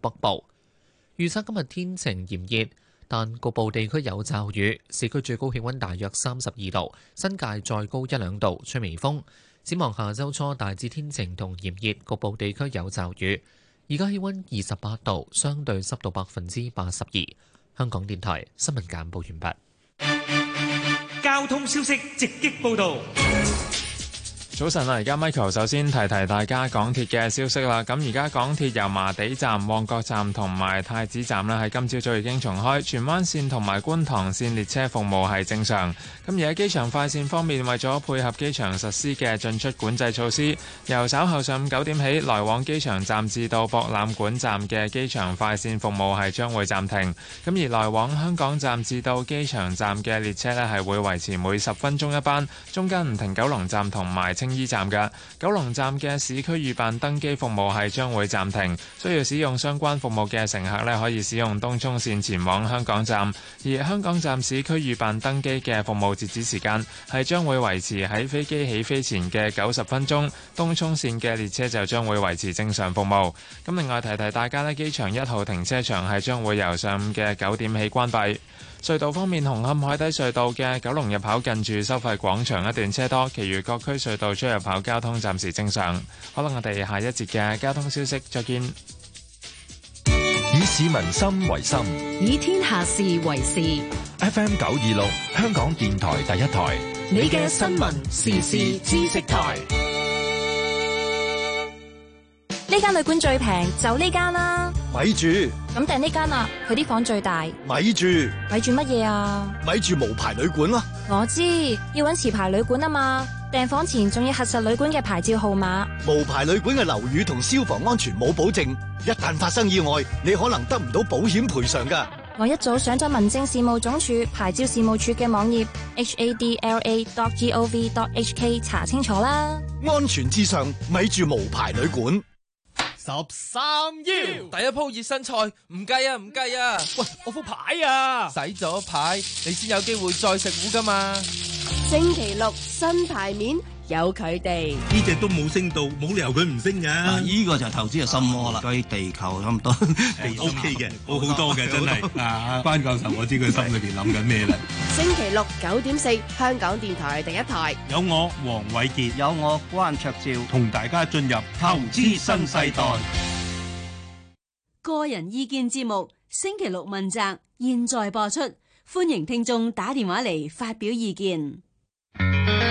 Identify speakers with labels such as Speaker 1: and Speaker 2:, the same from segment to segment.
Speaker 1: 北部預測今日天晴炎熱，但局部地區有驟雨。市區最高氣溫大約三十二度，新界再高一兩度，吹微風。展望下周初大致天晴同炎熱，局部地區有驟雨。而家氣溫二十八度，相對濕度百分之八十二。香港電台新聞簡報完畢。交通消息直擊報道。
Speaker 2: 早晨啊！而家 Michael 首先提提大家港鐵嘅消息啦。咁而家港鐵油麻地站、旺角站同埋太子站咧，喺今朝早已經重開，荃灣線同埋觀塘線列車服務係正常。咁而喺機場快線方面，為咗配合機場實施嘅進出管制措施，由稍後上午九點起，來往機場站至到博覽館站嘅機場快線服務係將會暫停。咁而來往香港站至到機場站嘅列車咧，係會維持每十分鐘一班，中間唔停九龍站同埋清醫站嘅九龍站嘅市區預辦登機服務係將會暫停，需要使用相關服務嘅乘客呢，可以使用東涌線前往香港站，而香港站市區預辦登機嘅服務截止時間係將會維持喺飛機起飛前嘅九十分鐘，東涌線嘅列車就將會維持正常服務。咁另外提提大家呢，機場一號停車場係將會由上午嘅九點起關閉。隧道方面，紅磡海底隧道嘅九龍入口近住收費廣場一段車多，其餘各區隧道出入口交通暫時正常。好啦，我哋下一節嘅交通消息再見。以市民心為心，以天下事為事。FM 九
Speaker 3: 二六，香港電台第一台，
Speaker 2: 你嘅新聞時事知識台。呢間旅館最平，就呢間啦。
Speaker 3: 咪住，
Speaker 2: 咁訂呢間啦，佢啲房最大。
Speaker 3: 咪住，
Speaker 2: 咪住乜嘢啊？
Speaker 3: 咪住無牌旅館啦！
Speaker 2: 我知，要搵持牌旅館啊嘛。訂房前仲要核實旅館嘅牌照號碼。
Speaker 3: 無牌旅館嘅樓宇同消防安全冇保證，一旦發生意外，你可能得唔到保險賠償噶。
Speaker 2: 我一早上咗民政事務總署牌照事務處嘅網頁 hadla.gov.hk 查清楚啦。
Speaker 3: 安全至上，咪住無牌旅館。十三幺，第一鋪熱身賽，唔計啊唔計啊！啊喂，我副牌啊，洗咗牌，你先有
Speaker 2: 機會再食糊㗎嘛？
Speaker 4: 星期六新牌面。有佢哋
Speaker 5: 呢隻都冇升到，冇理由佢唔升噶。呢個就係投資嘅心魔啦，對地球差唔多，OK 嘅，好好多嘅，真係。關教授，我知佢心裏邊諗緊咩啦。
Speaker 6: 星期六九點四，香港電台第一台，
Speaker 5: 有我黃偉傑，有我關卓照，同大家進入投資新世代。
Speaker 4: 個人意見節目，星期六問責，現在播出，歡迎聽眾打電話嚟發表意見。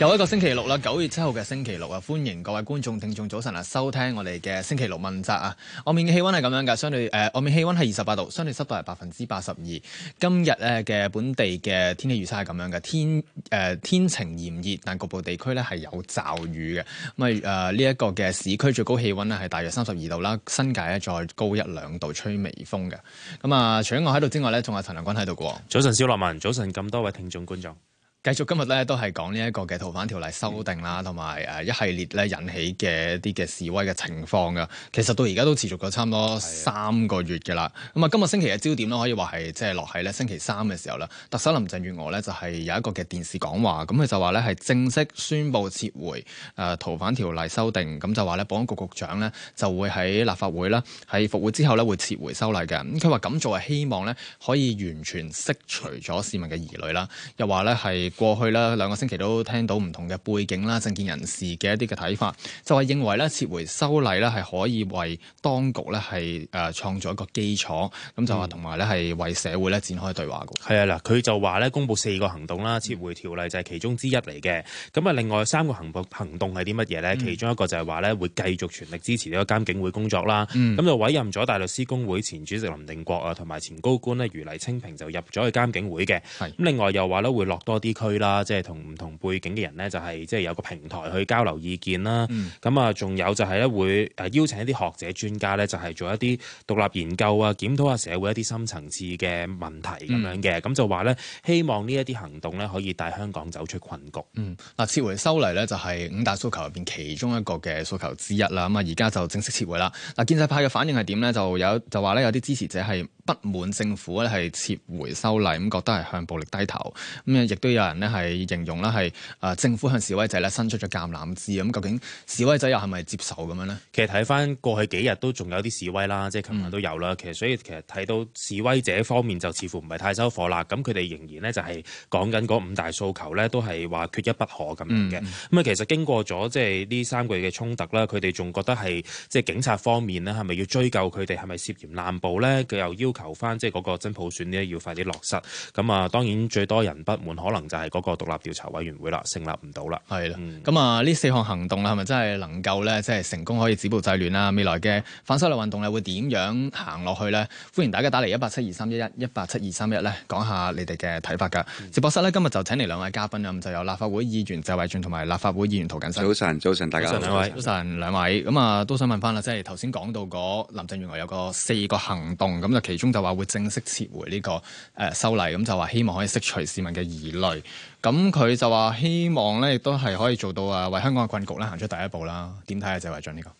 Speaker 3: 又一個星期六啦，九月七號嘅星期六啊，歡迎各位觀眾、聽眾早晨啊，收聽我哋嘅星期六問責啊。外面嘅氣溫係咁樣噶，相對誒，外面氣溫係二十八度，相對濕度係百分之八十二。今日咧嘅本地嘅天氣預測係咁樣嘅，天誒、呃、天晴炎熱，但局部地區咧係有驟雨嘅。咁啊誒呢一個嘅市區最高氣溫咧係大約三十二度啦，新界咧再高一兩度，吹微風嘅。咁啊、呃，除咗我喺度之外咧，仲有陳亮均喺度嘅。早晨，
Speaker 7: 蕭洛汶，早晨，咁多位聽眾觀眾。
Speaker 3: 繼續今日咧都係講呢一個嘅逃犯條例修訂啦，同埋、嗯、一系列咧引起嘅一啲嘅示威嘅情況噶。其實到而家都持續咗差唔多三個月㗎啦。咁啊的，今日星期日焦點咧可以話係即係落喺咧星期三嘅時候啦。特首林鄭月娥咧就係、是、有一個嘅電視講話，咁佢就話咧係正式宣布撤回誒、呃、逃犯條例修訂，咁就話咧保安局局長咧就會喺立法會啦，喺復會之後咧會撤回修例嘅。咁佢話咁做係希望咧可以完全釋除咗市民嘅疑慮啦，又話咧係。過去啦兩個星期都聽到唔同嘅背景啦，政見人士嘅一啲嘅睇法，就係認為咧撤回修例咧係可以為當局咧係誒創造一個基礎，咁就話同埋咧係為社會咧展開對話嘅。
Speaker 7: 係啊，嗱，佢就話咧公佈四個行動啦，嗯、撤回條例就係其中之一嚟嘅。咁啊，另外三個行動行動係啲乜嘢咧？嗯、其中一個就係話咧會繼續全力支持呢個監警會工作啦。咁、嗯、就委任咗大律師公會前主席林定國啊，同埋前高官咧余黎青萍就入咗去監警會嘅。咁是另外又話咧會落多啲。區啦，即係同唔同背景嘅人咧，就係即係有個平台去交流意見啦。咁啊、嗯，仲有就係咧會誒邀請一啲學者專家咧，就係做一啲獨立研究啊，檢討下社會一啲深層次嘅問題，咁樣嘅、嗯。咁就話咧，希望呢一啲行動咧，可以帶香港走出困局。嗯，嗱，撤回修例咧，就
Speaker 3: 係五大訴求入邊其中一個嘅訴求之一啦。咁啊，而家就正式撤回啦。嗱，建制派嘅反應係點咧？就有就話咧，有啲支持者係不滿政府咧係撤回修例，咁覺得係向暴力低頭，咁啊，亦都有。人呢，係形容啦，係誒政府向示威者咧伸出咗橄欖枝，咁究竟示威者又係咪接受咁樣呢？
Speaker 7: 其實睇翻過去幾日都仲有啲示威啦，即係琴日都有啦。其實、嗯、所以其實睇到示威者方面就似乎唔係太收火啦。咁佢哋仍然呢，就係講緊嗰五大訴求呢，都係話缺一不可咁樣嘅。咁啊、嗯，嗯、其實經過咗即係呢三個月嘅衝突啦，佢哋仲覺得係即係警察方面呢，係咪要追究佢哋係咪涉嫌濫捕咧？佢又要求翻即係嗰個真普選呢，要快啲落實。咁啊，當然最多人不滿可能就是。係嗰個獨立調查委員會啦，成立唔到啦。係啦的，咁啊
Speaker 3: 呢四項行動啦，係咪真係能夠咧，即係成功可以止暴制亂啦、啊？未來嘅反修例運動咧，會點樣行落去咧？歡迎大家打嚟一八七二三一一一八七二三一咧，講下你哋嘅睇法㗎。直播、嗯、室咧今日就請嚟兩位嘉賓啦，咁就有立法會議員謝偉俊同埋立法會議員涂謹申。早晨，早晨，大家早晨。早晨，兩位。早晨上，兩位。咁啊，都想問翻啦，即係頭先講到嗰林鄭原來有個四個行動，咁就其中就話會正式撤回呢、這個誒、呃、修例，咁就話希望可以釋除市民嘅疑慮。咁佢就話希望咧，亦都係可以做到啊，為香港嘅困局咧，行出第一步啦。點睇啊，謝偉俊呢個？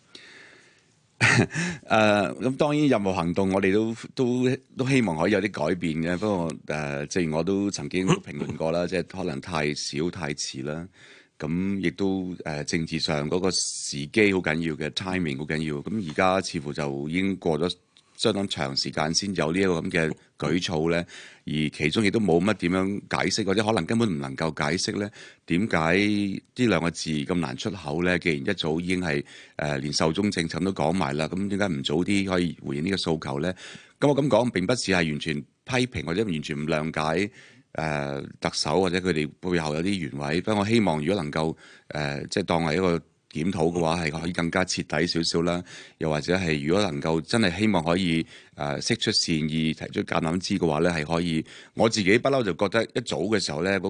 Speaker 3: 誒
Speaker 8: 呃，咁當然任何行動我，我哋都都都希望可以有啲改變嘅。不過誒、呃，正如我都曾經評論過啦，即係 可能太少太遲啦。咁亦都誒、呃，政治上嗰個時機好緊要嘅 timing 好緊要。咁而家似乎就已經過咗。相當長時間先有呢一個咁嘅舉措咧，而其中亦都冇乜點樣解釋，或者可能根本唔能夠解釋咧，點解呢兩個字咁難出口咧？既然一早已經係誒、呃、連壽終正寢都講埋啦，咁點解唔早啲可以回應呢個訴求咧？咁我咁講並不是係完全批評或者完全唔諒解誒、呃、特首或者佢哋背後有啲原委，不過我希望如果能夠誒即係當係一個檢討嘅話係可以更加徹底少少啦，又或者係如果能夠真係希望可以誒、呃、釋出善意提出橄欖枝嘅話咧，係可以我自己不嬲就覺得一早嘅時候咧，嗰、那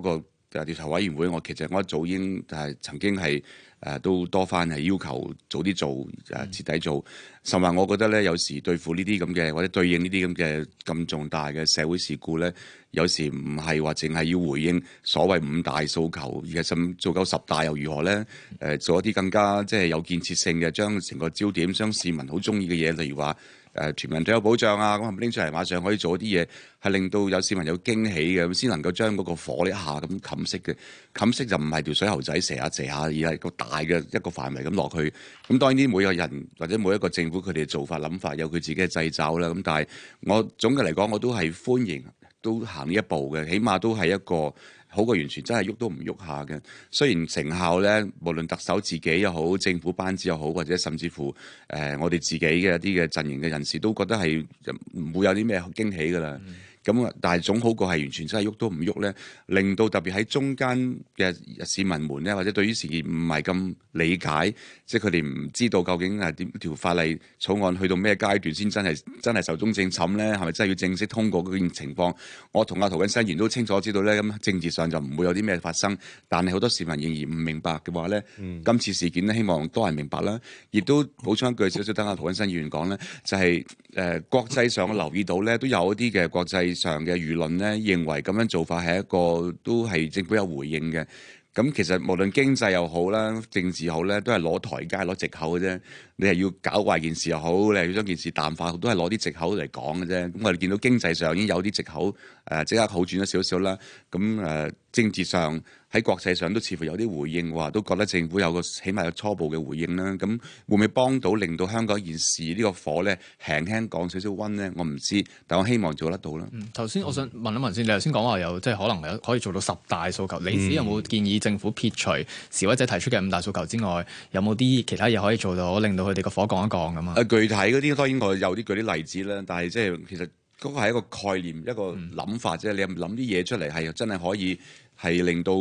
Speaker 8: 個誒調查委員會我，我其實我一早已經係曾經係。誒都多翻係要求早啲做誒徹底做，甚至我覺得咧，有時對付呢啲咁嘅或者對應呢啲咁嘅咁重大嘅社會事故咧，有時唔係話淨係要回應所謂五大訴求，而係甚至做夠十大又如何咧？誒做一啲更加即係有建設性嘅，將成個焦點將市民好中意嘅嘢，例如話，誒全民都有保障啊！咁拎出嚟，馬上可以做啲嘢，係令到有市民有驚喜嘅，咁先能夠將嗰個火一下咁冚熄嘅。冚熄就唔係條水喉仔射下射下，而係個大嘅一個範圍咁落去。咁當然啲每個人或者每一個政府佢哋做法諗法有佢自己嘅掣肘啦。咁但係我總嘅嚟講，我都係歡迎都行呢一步嘅，起碼都係一個。好過完全真係喐都唔喐下嘅，雖然成效咧，無論特首自己又好，政府班子又好，或者甚至乎誒、呃、我哋自己嘅一啲嘅陣營嘅人士，都覺得係唔會有啲咩驚喜㗎喇。嗯咁啊，但係總好過係完全真係喐都唔喐咧，令到特別喺中間嘅市民們咧，或者對於事件唔係咁理解，即係佢哋唔知道究竟係點條法例草案去到咩階段先真係真係壽終正寢咧，係咪真係要正式通過嗰件情況？我同阿涂謹申議員都清楚知道咧，咁政治上就唔會有啲咩發生，但係好多市民仍然唔明白嘅話咧，嗯、今次事件咧，希望多人明白啦。亦都補充一句少少，等阿涂謹申議員講咧，就係、是、誒國際上留意到咧，都有一啲嘅國際。上嘅輿論呢，認為咁樣做法係一個都係政府有回應嘅。咁其實無論經濟又好啦，政治好呢，都係攞台階、攞藉口嘅啫。你係要搞壞件事又好，你係要將件事淡化，都係攞啲藉口嚟講嘅啫。咁我哋見到經濟上已經有啲藉口，誒即刻好轉咗少少啦。咁、嗯呃、政治上喺國際上都似乎有啲回應，話都覺得政府有個起碼有初步嘅回應啦。咁會唔會幫到令到香港件事呢個火咧，輕輕降少少温咧？我唔知，但我希望做得到啦。
Speaker 3: 頭先、嗯、我想問一問先，嗯、你頭先講話有即係可能可以做到十大訴求，你有冇建議政府撇除示威者提出嘅五大訴求之外，有冇啲其他嘢可以做到令到我哋個火降一降咁啊！
Speaker 8: 具體嗰啲當然我有啲舉啲例子啦，但係即係其實嗰個係一個概念，一個諗法即係。嗯、你諗啲嘢出嚟係真係可以係令到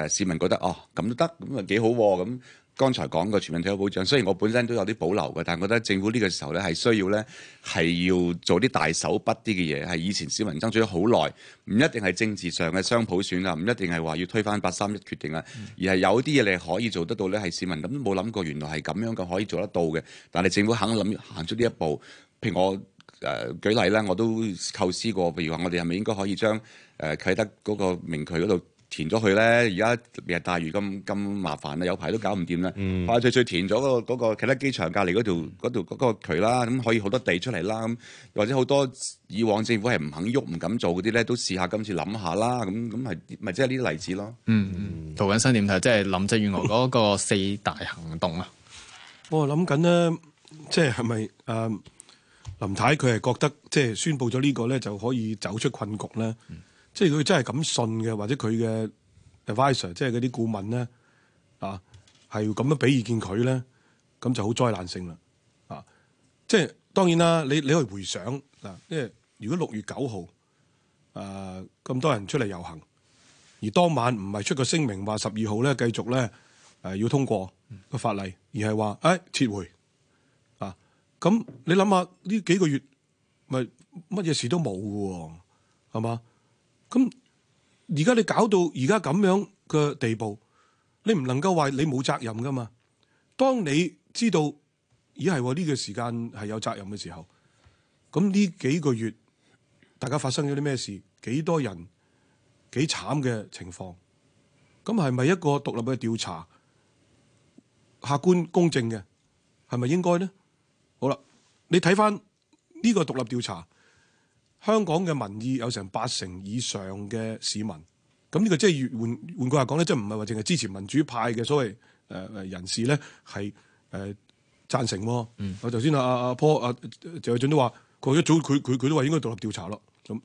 Speaker 8: 誒市民覺得哦咁都得，咁啊幾好喎咁。剛才講過全民退休保障，雖然我本身都有啲保留嘅，但係我覺得政府呢個時候咧係需要咧係要做啲大手筆啲嘅嘢，係以前市民爭取咗好耐，唔一定係政治上嘅雙普選啊，唔一定係話要推翻八三一決定啊，而係有啲嘢你可以做得到咧，係市民諗都冇諗過，原來係咁樣嘅可以做得到嘅。但係政府肯諗行出呢一步，譬如我誒、呃、舉例啦，我都構思過，譬如話我哋係咪應該可以將誒、呃、啟德嗰個明渠嗰度，填咗佢咧，而家日大雨咁咁麻煩啦，有排都搞唔掂啦。快脆脆填咗嗰個其他機場隔離嗰條嗰渠啦，咁可以好多地出嚟啦。咁或者好多以往政府係唔肯喐、唔敢做嗰啲咧，都試下今次諗下啦。咁咁咪咪即係呢啲例子咯、嗯。嗯嗯，涂謹申點睇？即係、就是、林鄭月娥嗰
Speaker 3: 個四大行動啊？
Speaker 5: 我諗緊咧，即係係咪誒林太佢係覺得即係、就是、宣布咗呢個咧，就可以走出困局咧？嗯即係佢真係咁信嘅，或者佢嘅 advisor，即係嗰啲顧問咧啊，係咁樣俾意見佢咧，咁就好災難性啦啊！即係當然啦，你你去回想嗱，即、啊、係如果六月九號誒咁多人出嚟遊行，而當晚唔係出個聲明話十二號咧繼續咧誒、啊、要通過個法例，而係話誒撤回啊。咁你諗下呢幾個月咪乜嘢事都冇嘅喎，係嘛？咁而家你搞到而家咁樣嘅地步，你唔能夠話你冇責任噶嘛，當你知道咦係呢個時間係有責任嘅時候，咁呢幾個月大家發生咗啲咩事？幾多人幾慘嘅情況？咁係咪一個獨立嘅調查客觀公正嘅係咪應該呢？好啦，你睇翻呢個獨立調查。香港嘅民意有成八成以上嘅市民，咁呢個即係換換句話講咧，即係唔係話淨係支持民主派嘅所謂誒誒人士咧係誒贊成。嗯、啊，我頭先阿阿阿坡阿謝偉俊都話佢一早佢佢佢都話應該獨立調查咯。咁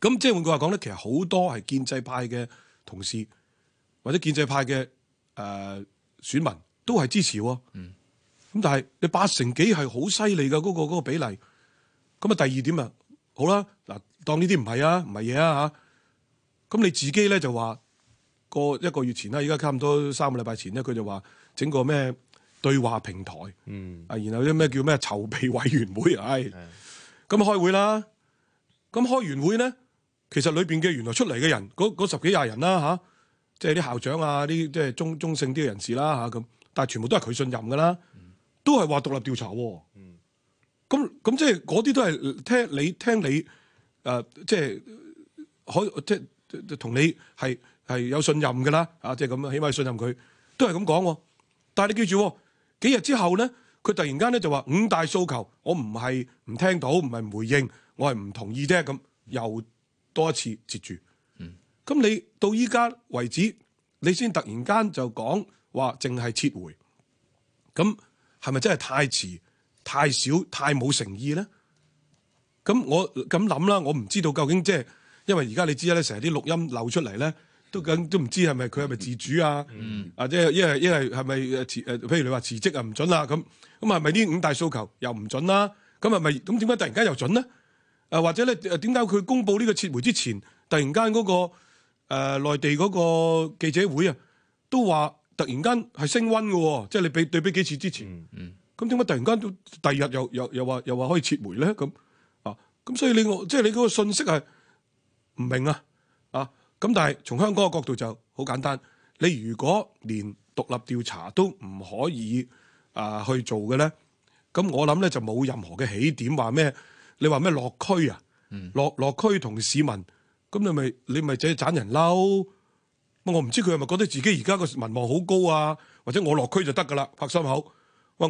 Speaker 5: 咁即係換句話講咧，其實好多係建制派嘅同事或者建制派嘅誒、呃、選民都係支持。嗯，咁但係你八成幾係好犀利嘅嗰個，嗰個比例咁啊。第二點啊。好啦，嗱，當呢啲唔係啊，唔係嘢啊吓。咁你自己咧就話過一個月前啦，依家差唔多三個禮拜前咧，佢就話整個咩對話平台，嗯，啊，然後啲咩叫咩籌備委員會，係、哎，咁開會啦，咁開完會咧，其實裏邊嘅原來出嚟嘅人，嗰十幾廿人啦吓，即係啲校長啊，啲即係中中性啲嘅人士啦吓咁，但係全部都係佢信任噶啦，都係話獨立調查啊。嗯咁咁即係嗰啲都係聽你聽你誒，即、呃、係、就是、可即同你係係有信任噶啦，啊，即係咁，起碼信任佢都係咁講。但係你記住，幾日之後咧，佢突然間咧就話五大訴求，我唔係唔聽到，唔係唔回應，我係唔同意啫。咁又多一次截住。咁、嗯、你到依家為止，你先突然間就講話淨係撤回，咁係咪真係太遲？太少太冇誠意咧，咁我咁諗啦，我唔知道究竟即係，因為而家你知咧，成日啲錄音漏出嚟咧，都緊都唔知係咪佢係咪自主啊，啊即係因為因為係咪辭誒？譬如你話辭職不啊唔准啦，咁咁係咪呢五大訴求又唔準啦？咁係咪咁點解突然間又準咧？啊或者咧，點解佢公佈呢個撤回之前，突然間嗰個誒內地嗰個記者會啊，都話突然間係升溫嘅喎，即係你比對比幾次之前。嗯嗯咁點解突然間都第二日又又又話又話可以撤回咧？咁啊咁所以你我即係、就是、你嗰個信息係唔明啊啊！咁、啊、但係從香港嘅角度就好簡單，你如果連獨立調查都唔可以啊去做嘅咧，咁我諗咧就冇任何嘅起點話咩？你話咩落區啊？嗯、落落區同市民，咁你咪你咪就係盞人嬲？我唔知佢係咪覺得自己而家個民望好高啊？或者我落區就得噶啦？拍心口。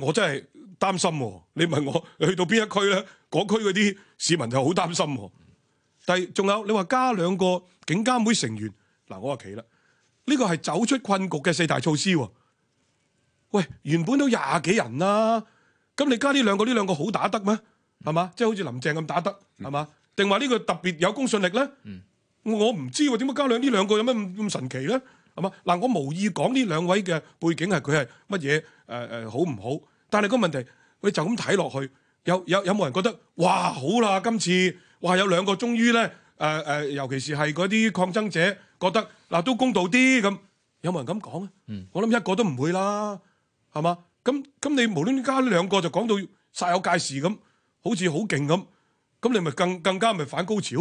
Speaker 5: 我真係擔心，你問我去到邊一區咧？嗰區嗰啲市民就好擔心。但仲有你話加兩個警監會成員，嗱，我話企啦，呢、這個係走出困局嘅四大措施。喂，原本都廿幾人啦、啊，咁你加呢兩個呢兩個好打得咩？係嘛、嗯，即係好似林鄭咁打得係嘛？定話呢個特別有公信力
Speaker 9: 咧？
Speaker 5: 嗯、我唔知點解加兩呢兩個有乜咁神奇咧？係嘛？嗱，我無意講呢兩位嘅背景係佢係乜嘢？誒、呃、誒，好唔好？但係個問題，你就咁睇落去，有有有冇人覺得哇好啦？今次哇有兩個終於咧誒誒，尤其是係嗰啲抗爭者覺得嗱、呃、都公道啲咁，有冇人咁講啊？嗯、我諗一個都唔會啦，係嘛？咁咁你無端端加呢兩個就講到煞有介事咁，好似好勁咁，咁你咪更更加咪反高潮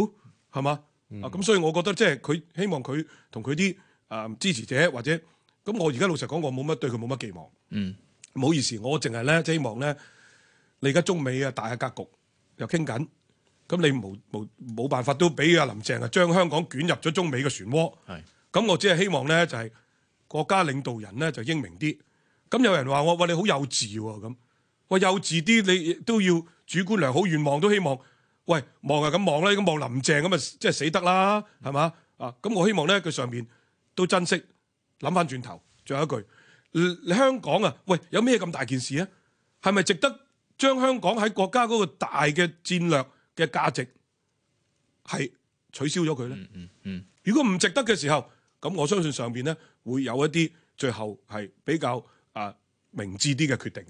Speaker 5: 係嘛？嗯、啊咁，所以我覺得即係佢希望佢同佢啲。誒支持者或者咁，我而家老實講，我冇乜對佢冇乜寄望。嗯，唔好意思，我淨係咧，即係希望咧，你而家中美啊大嘅格局又傾緊，咁你無無冇辦法都俾阿林鄭啊將香港捲入咗中美嘅漩渦。係是，咁我只係希望咧就係、是、國家領導人咧就英明啲。咁有人話我喂，你好幼稚喎、啊、咁，喂，幼稚啲你都要主觀良好，願望都希望，喂望啊咁望，咧咁望林鄭咁啊，即係死得啦係嘛啊咁我希望咧佢上邊。都珍惜，諗翻轉頭，最後一句，香港啊，喂，有咩咁大件事啊？係咪值得將香港喺國家嗰個大嘅戰略嘅價值係取消咗佢咧？嗯嗯嗯、如果唔值得嘅時候，咁我相信上邊咧會有一啲最後係比較啊明智啲嘅決定。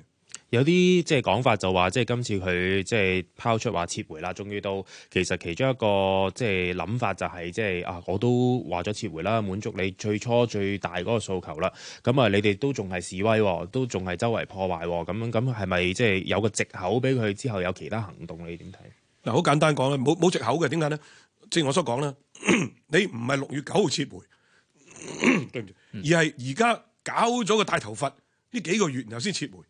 Speaker 7: 有啲即係講法就話，即係今次佢即係拋出話撤回啦，終於到其實其中一個即係諗法就係即係啊，我都話咗撤回啦，滿足你最初最大嗰個訴求啦。咁啊，你哋都仲係示威，都仲係周圍破壞咁樣，咁係咪即係有個藉口俾佢之後有其
Speaker 5: 他行動？你點睇？嗱，好簡單講咧，冇冇藉口嘅，點解咧？即係我所講咧，你唔係六月九號撤回，對唔住，嗯、而係而家搞咗個大頭佛呢幾個月，然後先撤回。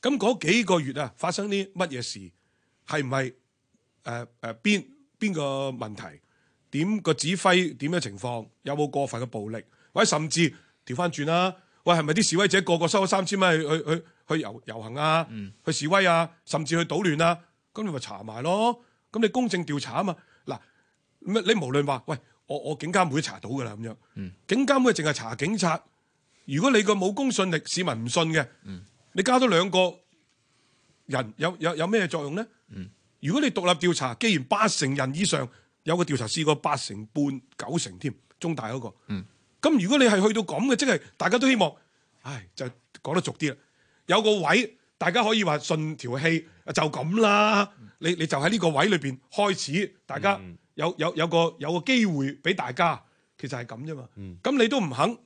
Speaker 5: 咁嗰幾個月啊，發生啲乜嘢事？係唔係誒誒邊邊個問題？點個指揮？點嘅情況？有冇過分嘅暴力？或者，甚至調翻轉啦！喂、啊，係咪啲示威者個個收咗三千蚊去去去去遊遊行啊？嗯、去示威啊？甚至去搗亂啊？咁你咪查埋咯！咁你公正調查啊嘛？嗱、啊，你無論話喂，我我警監會查到噶啦咁樣，嗯、警監會淨係查警察。如果你個冇公信力，市民唔信嘅。嗯你加咗兩個人，有有有咩作用咧？嗯、如果你獨立調查，既然八成人以上有個調查試過八成半、九成添，中大嗰個，咁、嗯、如果你係去到咁嘅，即係大家都希望，唉，就講得俗啲啦，有個位大家可以話順條氣，就咁啦。你你就喺呢個位裏邊開始，大家有有有個有個機會俾大家，其實係咁啫嘛。咁、嗯、你都唔肯，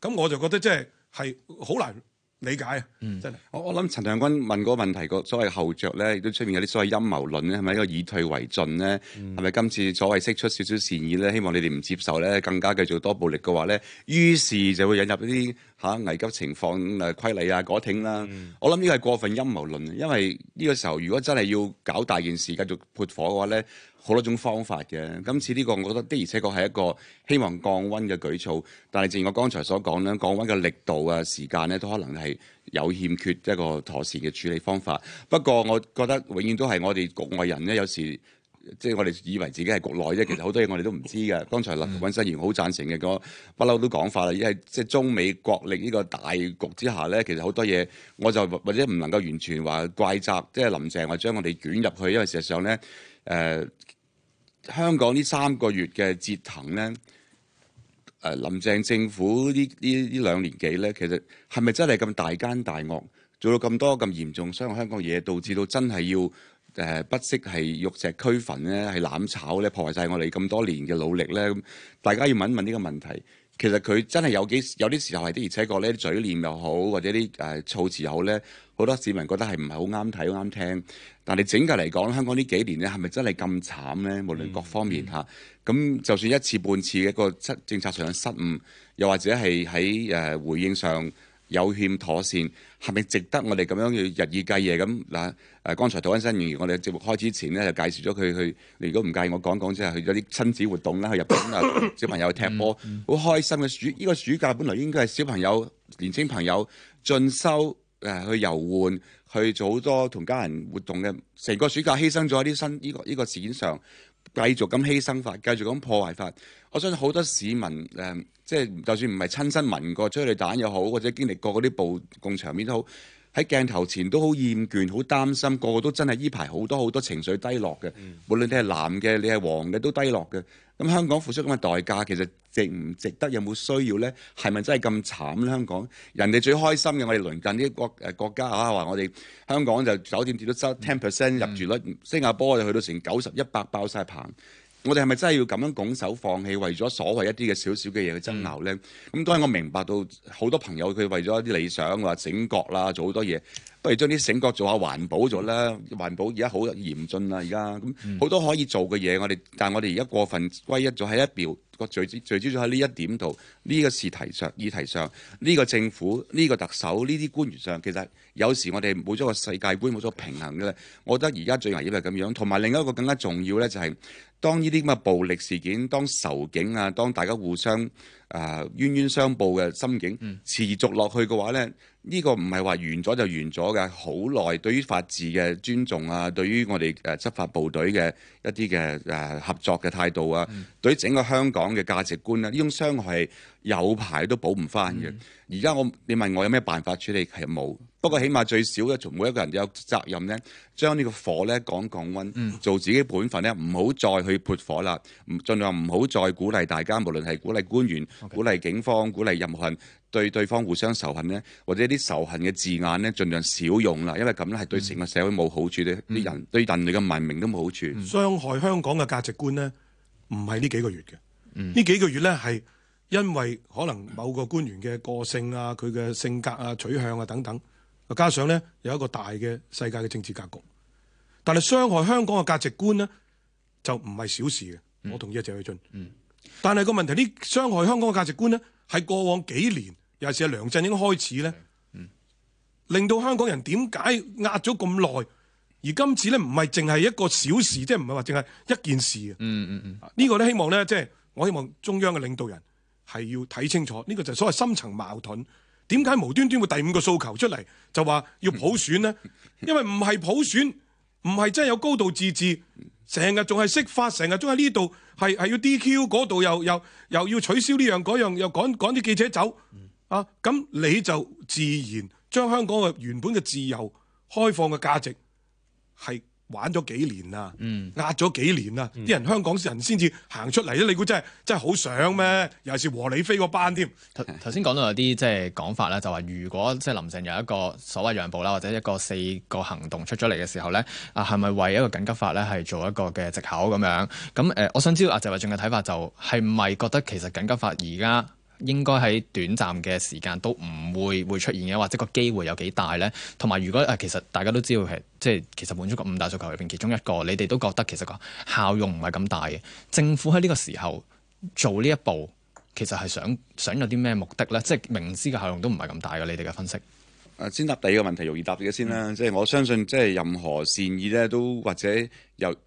Speaker 5: 咁我就覺得即係係好難。理解啊，真
Speaker 8: 係、嗯、我我諗陳亮均問嗰個問題，個所謂後着咧，亦都出面有啲所謂陰謀論咧，係咪一個以退為進咧？係咪、嗯、今次所謂釋出少少善意咧，希望你哋唔接受咧，更加繼續多暴力嘅話咧，於是就會引入一啲嚇危急情況誒規例啊，嗰艇啦，嗯、我諗呢個係過分陰謀論，因為呢個時候如果真係要搞大件事，繼續潑火嘅話呢好多種方法嘅。今次呢個，我覺得的而且確係一個希望降温嘅舉措，但係正如我剛才所講呢降温嘅力度啊、時間呢、啊，都可能係有欠缺一個妥善嘅處理方法。不過我覺得永遠都係我哋局外人呢、啊，有時。即係我哋以為自己係局內啫，其實好多嘢我哋都唔知嘅。剛才林允新員好贊成嘅個不嬲都講法啦，因為即係中美國力呢個大局之下咧，其實好多嘢我就或者唔能夠完全話怪責，即係林鄭話將我哋捲入去，因為事實上咧，誒、呃、香港呢三個月嘅折騰咧，誒、呃、林鄭政府兩呢呢呢兩年幾咧，其實係咪真係咁大奸大惡，做到咁多咁嚴重，傷害香港嘢導致到真係要？誒、呃、不惜係玉石俱焚咧，係攬炒咧，破壞晒我哋咁多年嘅努力咧。大家要問一問呢個問題，其實佢真係有幾有啲時候係的而且確咧，嘴臉又好，或者啲誒、呃、措辭又好咧，好多市民覺得係唔係好啱睇啱聽。但係整個嚟講，香港呢幾年咧係咪真係咁慘咧？無論各方面吓，咁、嗯嗯、就算一次半次嘅一、嗰個政策上嘅失誤，又或者係喺誒回應上有欠妥善。係咪值得我哋咁樣要日以繼夜咁嗱？誒，剛才涂謹申完，我哋節目開始之前咧就介紹咗佢去。你如果唔介意，我講講即係，去咗啲親子活動啦，去日本啊， 小朋友踢波，好 開心嘅暑。依、呢個暑假本來應該係小朋友、年青朋友進修誒去遊玩，去做好多同家人活動嘅。成個暑假犧牲咗一啲新呢個依個事件上，繼續咁犧牲法，繼續咁破壞法。我相信好多市民誒。嗯即係就算唔係親身聞過催淚彈又好，或者經歷過嗰啲暴共場面都好，喺鏡頭前都好厭倦、好擔心，個個都真係依排好多好多情緒低落嘅。嗯、無論你係藍嘅、你係黃嘅都低落嘅。咁香港付出咁嘅代價，其實值唔值得？有冇需要呢？係咪真係咁慘呢？香港人哋最開心嘅，我哋鄰近啲國誒、呃、國家啊，話我哋香港就酒店跌到十 ten percent 入住率，新加坡就去到成九十一百爆晒棚。我哋係咪真係要咁樣拱手放棄，為咗所謂一啲嘅少少嘅嘢嘅爭拗呢？咁、嗯、當然我明白到好多朋友佢為咗一啲理想或者整國啦，做好多嘢。不如將啲醒覺做下環保咗啦，環保而家好嚴峻啦，而家咁好多可以做嘅嘢，我哋但係我哋而家過分歸一咗喺一條個聚焦聚焦咗喺呢一點度，呢、呢個事題上議題上，呢、呢個政府呢、呢個特首呢啲官員上，其實有時我哋冇咗個世界觀冇咗平衡嘅，我覺得而家最危險係咁樣。同埋另一個更加重要咧、就係，就係當呢啲咁嘅暴力事件，當仇警啊，當大家互相。啊冤冤相報嘅心境，持續落去嘅話咧，呢、這個唔係話完咗就完咗嘅，好耐對於法治嘅尊重啊，對於我哋誒、呃、執法部隊嘅一啲嘅誒合作嘅態度啊。嗯。對於整個香港嘅價值觀咧，呢種傷害有排都補唔翻嘅。而家、嗯、我你問我有咩辦法處理？其實冇。不過起碼最少咧，從每一個人都有責任呢，將呢個火呢降降溫，嗯、做自己本分呢，唔好再去撥火啦。唔儘量唔好再鼓勵大家，無論係鼓勵官員、嗯、鼓勵警方、鼓勵任何人對對方互相仇恨呢，或者啲仇恨嘅字眼呢，儘量少用啦。因為咁呢係對成個社會冇好處咧，啲、嗯、人對人類嘅文明都冇好處。
Speaker 5: 傷、嗯嗯、害香港嘅價值觀呢。唔係呢幾個月嘅，呢、嗯、幾個月咧係因為可能某個官員嘅個性啊、佢嘅性格啊、取向啊等等，加上咧有一個大嘅世界嘅政治格局，但係傷害香港嘅價值觀咧就唔係小事嘅。嗯、我同意啊，謝偉俊。嗯，但係個問題呢傷害香港嘅價值觀咧，係過往幾年，尤其是係梁振英開始咧，嗯嗯、令到香港人點解壓咗咁耐？而今次咧，唔係淨係一個小事，即係唔係話淨係一件事啊、嗯。嗯嗯
Speaker 9: 嗯，
Speaker 5: 呢個咧希望咧，即係我希望中央嘅領導人係要睇清楚呢個就所謂深層矛盾，點解無端端會第五個訴求出嚟就話要普選咧？因為唔係普選，唔係真係有高度自治，成日仲係釋法，成日都喺呢度係係要 DQ 嗰度，又又又要取消呢樣嗰樣，又趕趕啲記者走、嗯、啊。咁你就自然將香港嘅原本嘅自由開放嘅價值。係玩咗幾年啦，嗯、壓咗幾年啦，啲、嗯、人香港人先至行出嚟咧。你估真係真係好想咩？又係和理非個班添。
Speaker 3: 頭先講到有啲即係講法咧，就話如果即係林鄭有一個所謂讓步啦，或者一個四個行動出咗嚟嘅時候咧，啊係咪為一個緊急法咧係做一個嘅藉口咁樣？咁誒、呃，我想知道阿謝偉俊嘅睇法就係唔係覺得其實緊急法而家？應該喺短暫嘅時間都唔會會出現嘅，或者個機會有幾大咧？同埋如果誒，其實大家都知道係即係其實滿足個五大訴求入邊其中一個，你哋都覺得其實個效用唔係咁大嘅。政府喺呢個時候做呢一步，其實係想想有啲咩目的咧？即係明知嘅效用都唔係咁大嘅，你哋嘅分
Speaker 8: 析誒？先答第二個問題，容易答嘅先啦。即係、嗯、我相信，即係任何善意咧，都或者。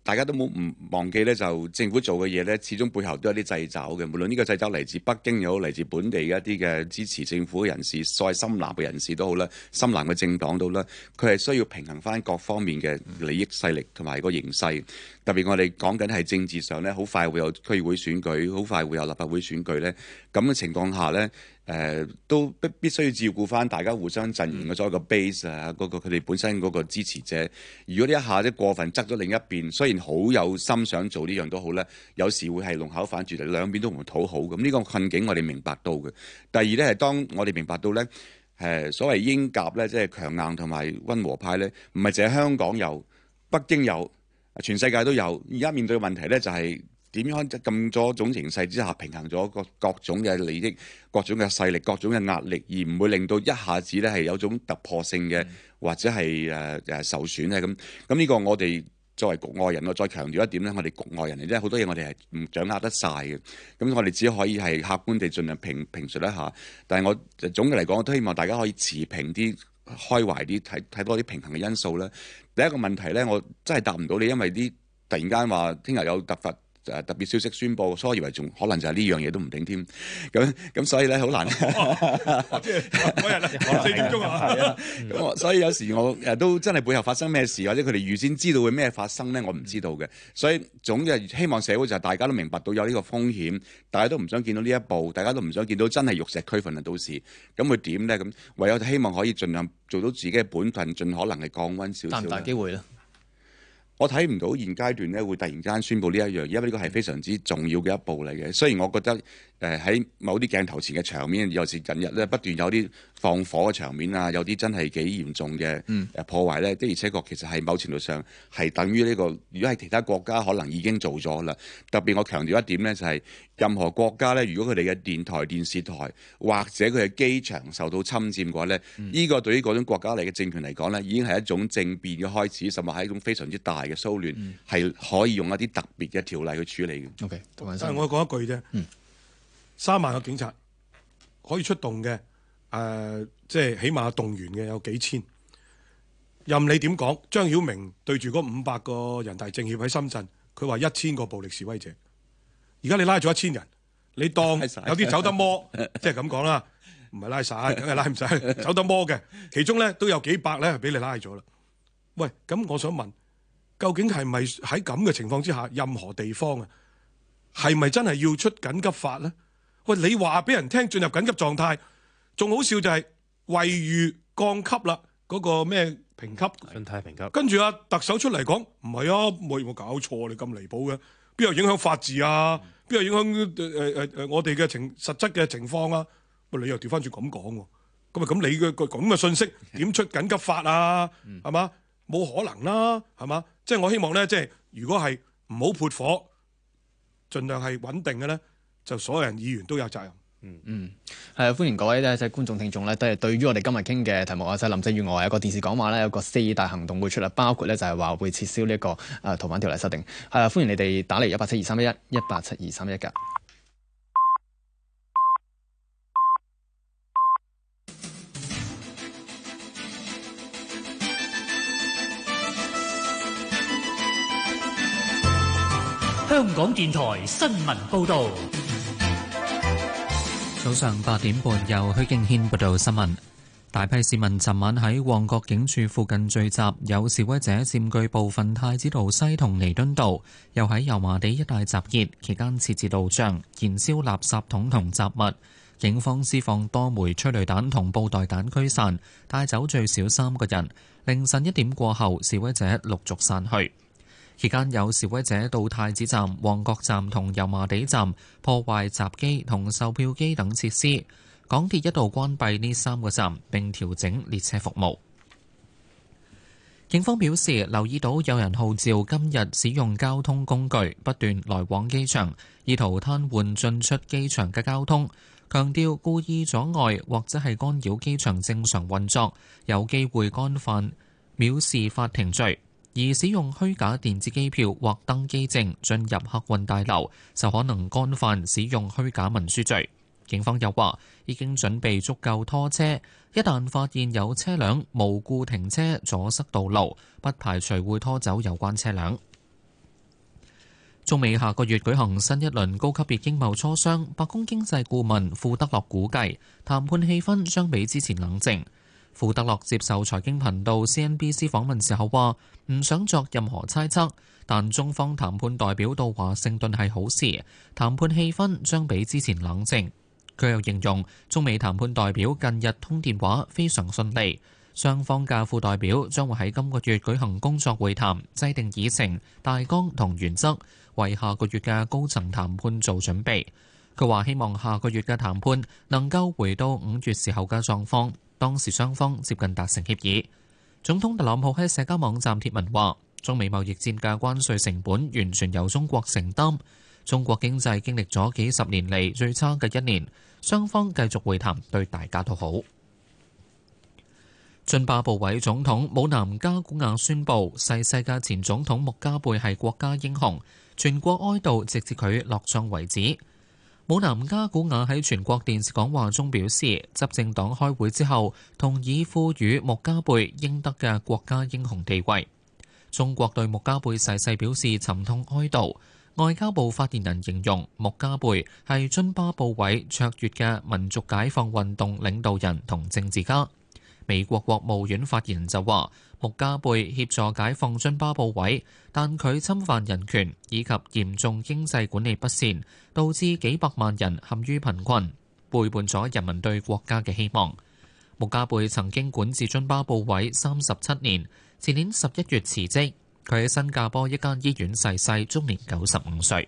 Speaker 8: 大家都冇唔忘記呢，就政府做嘅嘢呢，始終背後都有啲掣肘嘅。無論呢個掣肘嚟自北京又好，嚟自本地嘅一啲嘅支持政府嘅人士，所謂深藍嘅人士都好啦，深藍嘅政黨都啦，佢係需要平衡翻各方面嘅利益勢力同埋個形勢，嗯、特別我哋講緊係政治上呢，好快會有區議會選舉，好快會有立法會選舉呢，咁嘅情況下呢，誒、呃、都必必須要照顧翻大家互相陣營嘅所有個 base 啊、嗯，嗰個佢哋本身嗰個支持者。如果一下子過分執咗另一邊。雖然好有心想做呢樣都好咧，有時會係弄巧反拙，兩邊都唔討好咁。呢個困境我哋明白到嘅。第二咧係當我哋明白到咧，誒所謂鷹鴿咧，即係強硬同埋温和派咧，唔係淨係香港有，北京有，全世界都有。而家面對嘅問題咧，就是，就係點樣喺咁多種形勢之下平衡咗各各種嘅利益，各種嘅勢力，各種嘅壓力，而唔會令到一下子咧係有種突破性嘅或者係誒誒受損咧咁。咁呢個我哋。作為局外人，我再強調一點咧，我哋局外人嚟，即係好多嘢我哋係唔掌握得晒嘅，咁我哋只可以係客觀地盡量評評述一下。但係我總嘅嚟講，我都希望大家可以持平啲、開懷啲，睇睇多啲平衡嘅因素啦。第一個問題咧，我真係答唔到你，因為啲突然間話聽日有突發。就特別消息宣佈，所以我以為仲可能就係呢樣嘢都唔定添。咁咁所以咧，好難。我知，日日講四點鐘啊。咁所以有時我誒都真係背後發生咩事，或者佢哋預先知道會咩發生咧，我唔知道嘅。所以總係希望社會就係大家都明白到有呢個風險，大家都唔想見到呢一步，大家都唔想見到真係玉石俱焚啊！到時咁會點咧？咁唯有希望可以儘量做到自己嘅本分，盡可能係降溫少少。大唔大機會我睇唔到現階段咧會突然間宣布呢一樣嘢，因為呢個係非常之重要嘅一步嚟嘅。雖然我覺得。誒喺某啲鏡頭前嘅場面，尤其近日咧不斷有啲放火嘅場面啊，有啲真係幾嚴重嘅誒破壞咧。嗯、的而且確，其實係某程度上係等於呢、這個。如果係其他國家，可能已經做咗啦。特別我強調一點咧、就是，就係任何國家咧，如果佢哋嘅電台、電視台或者佢嘅機場受到侵佔嘅話咧，呢、嗯、個對於嗰種國家嚟嘅政權嚟講咧，已經係一種政變嘅開始，甚至係一種非常之大嘅騷亂，係、嗯、可以用一啲特別嘅條例去處理嘅。O、
Speaker 5: okay, K，同埋，我講一句啫。嗯三萬個警察可以出動嘅，呃，即係起碼動員嘅有幾千。任你點講，張曉明對住嗰五百個人大政協喺深圳，佢話一千個暴力示威者。而家你拉咗一千人，你當有啲 走得摸，即係咁講啦，唔係拉晒，梗係拉唔晒，走得摸嘅。其中咧都有幾百咧俾你拉咗啦。喂，咁我想問，究竟係咪喺咁嘅情況之下，任何地方啊，係咪真係要出緊急法咧？喂，你話俾人聽進入緊急狀態，仲好笑就係惠譽降級啦，嗰、那個咩評級？信貸評級。跟住阿特首出嚟講，唔係啊，冇冇搞錯你咁離譜嘅，邊有影響法治啊？邊有影響誒誒誒我哋嘅情實質嘅情況啊喂？你又調翻轉咁講，咁啊咁你嘅個咁嘅信息點出緊急法啊？係嘛 Okay.，冇可能啦，啊，係嘛？即係我希望咧，即係如果係唔好潑火，盡量係穩定嘅咧。就所有人議員都有責任。嗯嗯，
Speaker 3: 係啊，歡迎各位咧，即係觀眾聽眾咧，都係對於我哋今日傾嘅題目啊，即係林鄭月娥有個電視講話咧，有個四大行動會出嚟，包括呢就係話會撤銷呢個誒逃犯條例修訂。啊，歡迎你哋打嚟一八七二三一一一八七二三一嘅。
Speaker 1: 31，香港電台新聞報導。早上八點半，由許敬軒報道新聞。大批市民尋晚喺旺角警署附近聚集，有示威者佔據部分太子道西同彌敦道，又喺油麻地一帶集結期間設置路障、燃燒垃圾桶同雜物。警方施放多枚催淚彈同布袋彈驅散，帶走最少三個人。凌晨一點過後，示威者陸續散去。期間有示威者到太子站、旺角站同油麻地站破壞閘機同售票機等設施，港鐵一度關閉呢三個站並調整列車服務。警方表示留意到有人號召今日使用交通工具不斷來往機場，意圖癱瘓進出機場嘅交通，強調故意阻礙或者係干擾機場正常運作，有機會干犯藐視法庭罪。而使用虛假電子機票或登機證進入客運大樓，就可能干犯使用虛假文書罪。警方又話，已經準備足夠拖車，一旦發現有車輛無故停車阻塞道路，不排除會拖走有關車輛。中美下個月舉行新一輪高級別經貿磋商，白宮經濟顧問庫德洛估計，談判氣氛相比之前冷靜。庫德洛接受財經頻道 CNBC 訪問時候話，唔想作任何猜測，但中方談判代表到華盛頓係好事，談判氣氛將比之前冷靜。佢又形容中美談判代表近日通電話非常順利，雙方嘅副代表將會喺今個月舉行工作會談，制定議程、大綱同原則，為下個月嘅高層談判做準備。佢話希望下個月嘅談判能夠回到五月時候嘅狀況。當時雙方接近達成協議。總統特朗普喺社交網站貼文話：中美貿易戰嘅關稅成本完全由中國承擔，中國經濟經歷咗幾十年嚟最差嘅一年。雙方繼續會談，對大家都好。津巴布韋總統姆南加古瓦宣布，逝世嘅前總統穆加貝係國家英雄，全國哀悼直至佢落葬為止。武南加古瓦喺全國電視講話中表示，執政黨開會之後同意賦予穆加貝應得嘅國家英雄地位。中國對穆加貝逝世表示沉痛哀悼。外交部發言人形容穆加貝係津巴布韋卓越嘅民族解放運動領導人同政治家。美國國務院發言就話：穆加貝協助解放津巴布韋，但佢侵犯人權以及嚴重經濟管理不善，導致幾百萬人陷於貧困，背叛咗人民對國家嘅希望。穆加貝曾經管治津巴布韋三十七年，前年十一月辭職。佢喺新加坡一間醫院逝世，終年九十五歲。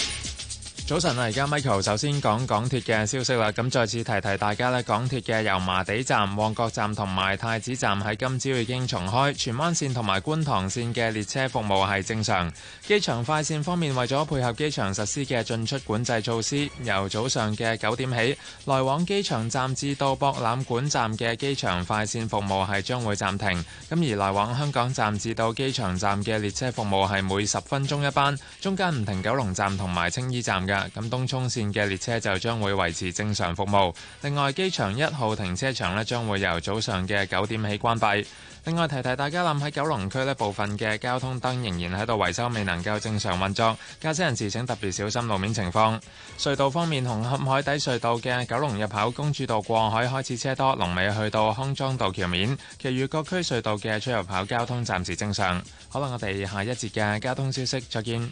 Speaker 2: 早晨啊，而家 Michael 首先講港鐵嘅消息啦。咁再次提提大家咧，港鐵嘅油麻地站、旺角站同埋太子站喺今朝已經重開，荃灣線同埋觀塘線嘅列車服務係正常。機場快線方面，為咗配合機場實施嘅進出管制措施，由早上嘅九點起，來往機場站至到博覽館站嘅機場快線服務係將會暫停。咁而來往香港站至到機場站嘅列車服務係每十分鐘一班，中間唔停九龍站同埋青衣站嘅。咁東涌綫嘅列車就將會維持正常服務。另外，機場一號停車場呢，將會由早上嘅九點起關閉。另外提提大家諗，喺九龍區呢部分嘅交通燈仍然喺度維修，未能夠正常運作，駕駛人士請特別小心路面情況。隧道方面，紅磡海底隧道嘅九龍入口公主道過海開始車多，龍尾去到康莊道橋面。其餘各區隧道嘅出入口交通暫時正常。好啦，我哋下一節嘅交通消息再見。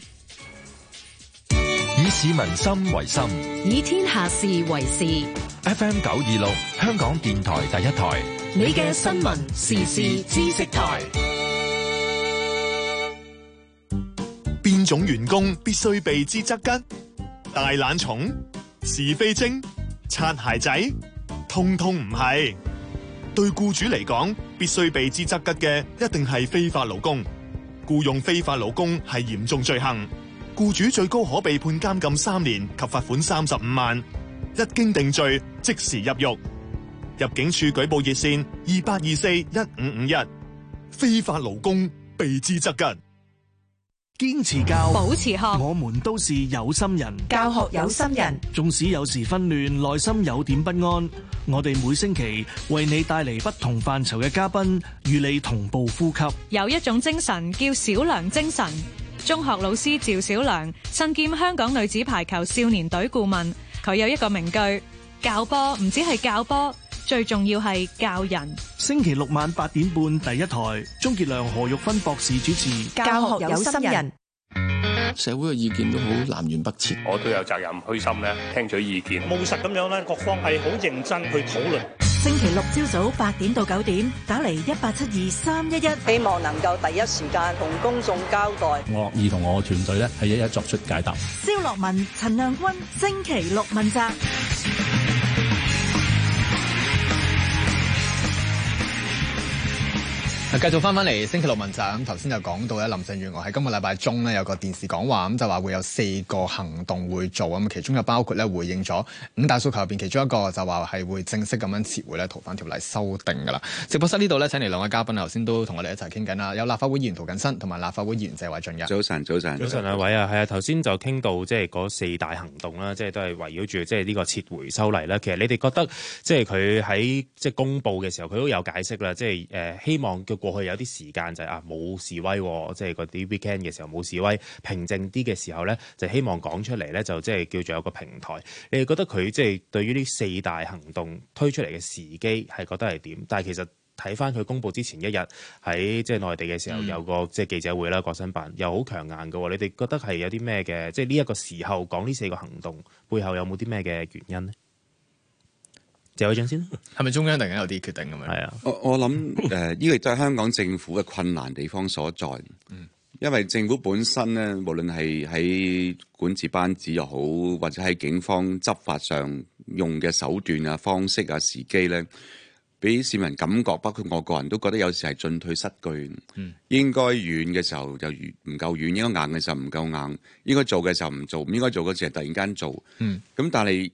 Speaker 2: 以市民心為心，以天下事為事。
Speaker 6: FM 九二六，香港電台第一台，
Speaker 7: 你嘅新聞時事知識台。
Speaker 3: 邊種員工必須避之則吉？大懶蟲、是非精、擦鞋仔，通通唔係。對僱主嚟講，必須避之則吉嘅，一定係非法勞工。僱傭非法勞工係嚴重罪行。雇主最高可被判監禁三年及罰款三十五萬，一經定罪即時入獄。入境處舉報熱線二八二四一五五一。非法勞工，避之則吉。
Speaker 4: 堅持教，保持學，
Speaker 3: 我們都是有心人。教學有心人，縱使有時紛亂，內心有點不安。我哋每星期為你帶嚟不同範疇嘅嘉賓，與你同
Speaker 1: 步呼吸。有一種精神叫小梁精神。中學老師趙小良身兼香港女子排球少年隊顧問，佢有一個名句：教波唔止係教波，最重要係教人。
Speaker 3: 星期六晚八點半第一
Speaker 5: 台，鍾杰良、何玉芬博士主持《教學有心人》心人。
Speaker 3: 社會嘅
Speaker 6: 意見都好南轅北轍，
Speaker 5: 我都有責任虛心咧聽取意見，務實咁樣咧，各方係
Speaker 4: 好認真去討論。星期六朝早八點到九點，打嚟一八七二三一一，希望能夠第一時間同公眾交代。
Speaker 6: 我樂意同我團隊咧，係一一作
Speaker 7: 出解答。
Speaker 4: 蕭洛
Speaker 2: 汶、陳亮均，星期六問責。
Speaker 3: 繼續翻翻嚟星期六問責，咁頭先就講到咧林鄭月娥喺今個禮拜中咧有個電視講話，咁就話會有四個行動會做啊，其中又包括咧回應咗五大訴求入邊，其中一個就話係會正式咁樣撤回咧逃犯條例修訂噶啦。直播室呢度咧，請嚟兩位嘉賓，頭先都同我哋一齊傾緊啦，有立法會議員涂謹申同埋立法會議員謝偉俊嘅。早
Speaker 8: 晨，早晨，早晨啊兩位啊，係啊，
Speaker 7: 頭先就傾到即係嗰四大行動啦，即係都係圍繞住即係呢個撤回修例啦。其實你哋覺得即係佢喺即係公布嘅時候，佢都有解釋啦，即係誒希望叫。過去有啲時間就係、是、啊冇示威、哦，即係嗰啲 weekend 嘅時候冇示威，平靜啲嘅時候咧就希望講出嚟咧就即係叫做有個平台。你哋覺得佢即係對於呢四大行動推出嚟嘅時機係覺得係點？但係其實睇翻佢公佈之前一日喺即係內地嘅時候有個即係記者會啦，國新、嗯、辦又好強硬㗎喎、哦。你哋覺得係有啲咩嘅？即係呢一個時候講呢四個行動背後有冇啲咩嘅原因呢？
Speaker 8: 就一張先，
Speaker 7: 係咪中央突然間有啲決定咁樣？
Speaker 8: 係是啊我，我我諗誒，呢個亦都係香港政府嘅困難地方所在。嗯，因為政府本身咧，無論係喺管治班子又好，或者喺警方執法上用嘅手段啊、方式啊、時機咧，俾市民感覺，包括我個人都覺得有時係進退失據。嗯，應該軟嘅時候就唔夠軟，應該硬嘅時候唔夠硬，應該做嘅時候唔做，唔應該做嘅就突然間做。
Speaker 9: 嗯，
Speaker 8: 咁但係。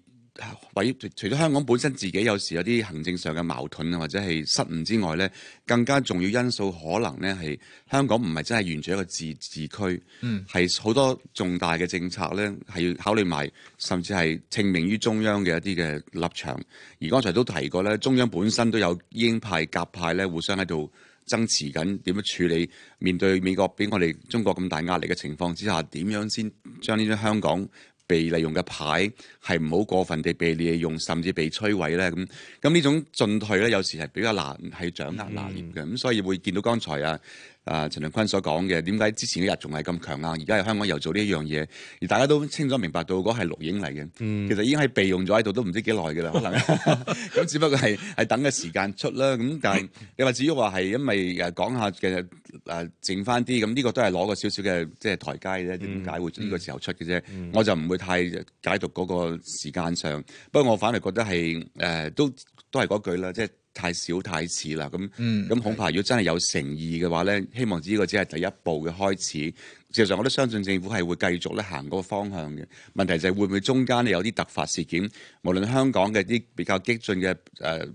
Speaker 8: 為除咗香港本身自己有時有啲行政上嘅矛盾或者係失誤之外咧，更加重要因素可能咧係香港唔係真係完全一個自治區，嗯，係好多重大嘅政策咧係要考慮埋，甚至係聽命於中央嘅一啲嘅立場。而剛才都提過，咧，中央本身都有鷹派、鴿派咧互相喺度爭持緊點樣處理面對美國俾我哋中國咁大壓力嘅情況之下，點樣先將呢啲香港被利用嘅牌係唔好過分地被利用，甚至被摧毀咧。咁咁呢種進退咧，有時係比較難，係掌握難度嘅。咁所以會見到剛才啊。啊、呃，陳亮均所講嘅點解之前一日仲係咁強硬，而家係香港又做呢樣嘢，而大家都清楚明白到嗰係錄影嚟嘅，嗯、其實已經係備用咗喺度都唔知幾耐嘅啦。可能，咁只不過係係等嘅時間出啦。咁但係、嗯、你話至於話係因為誒、啊、講下其實、啊、剩翻啲，咁呢個都係攞個少少嘅即係台階啫。點解、嗯、會呢個時候出嘅啫？嗯、我就唔會太解讀嗰個時間上。嗯、不過我反而覺得係誒、呃、都都係嗰句啦，即、就、係、是。太少太遲啦，咁咁、嗯、恐怕如果真係有誠意嘅話咧，是的 希望呢個只係第一步嘅開始。事實上，我都相信政府係會繼續咧行嗰個方向嘅。問題就係會唔會中間咧有啲突發事件，無論香港嘅啲比較激進嘅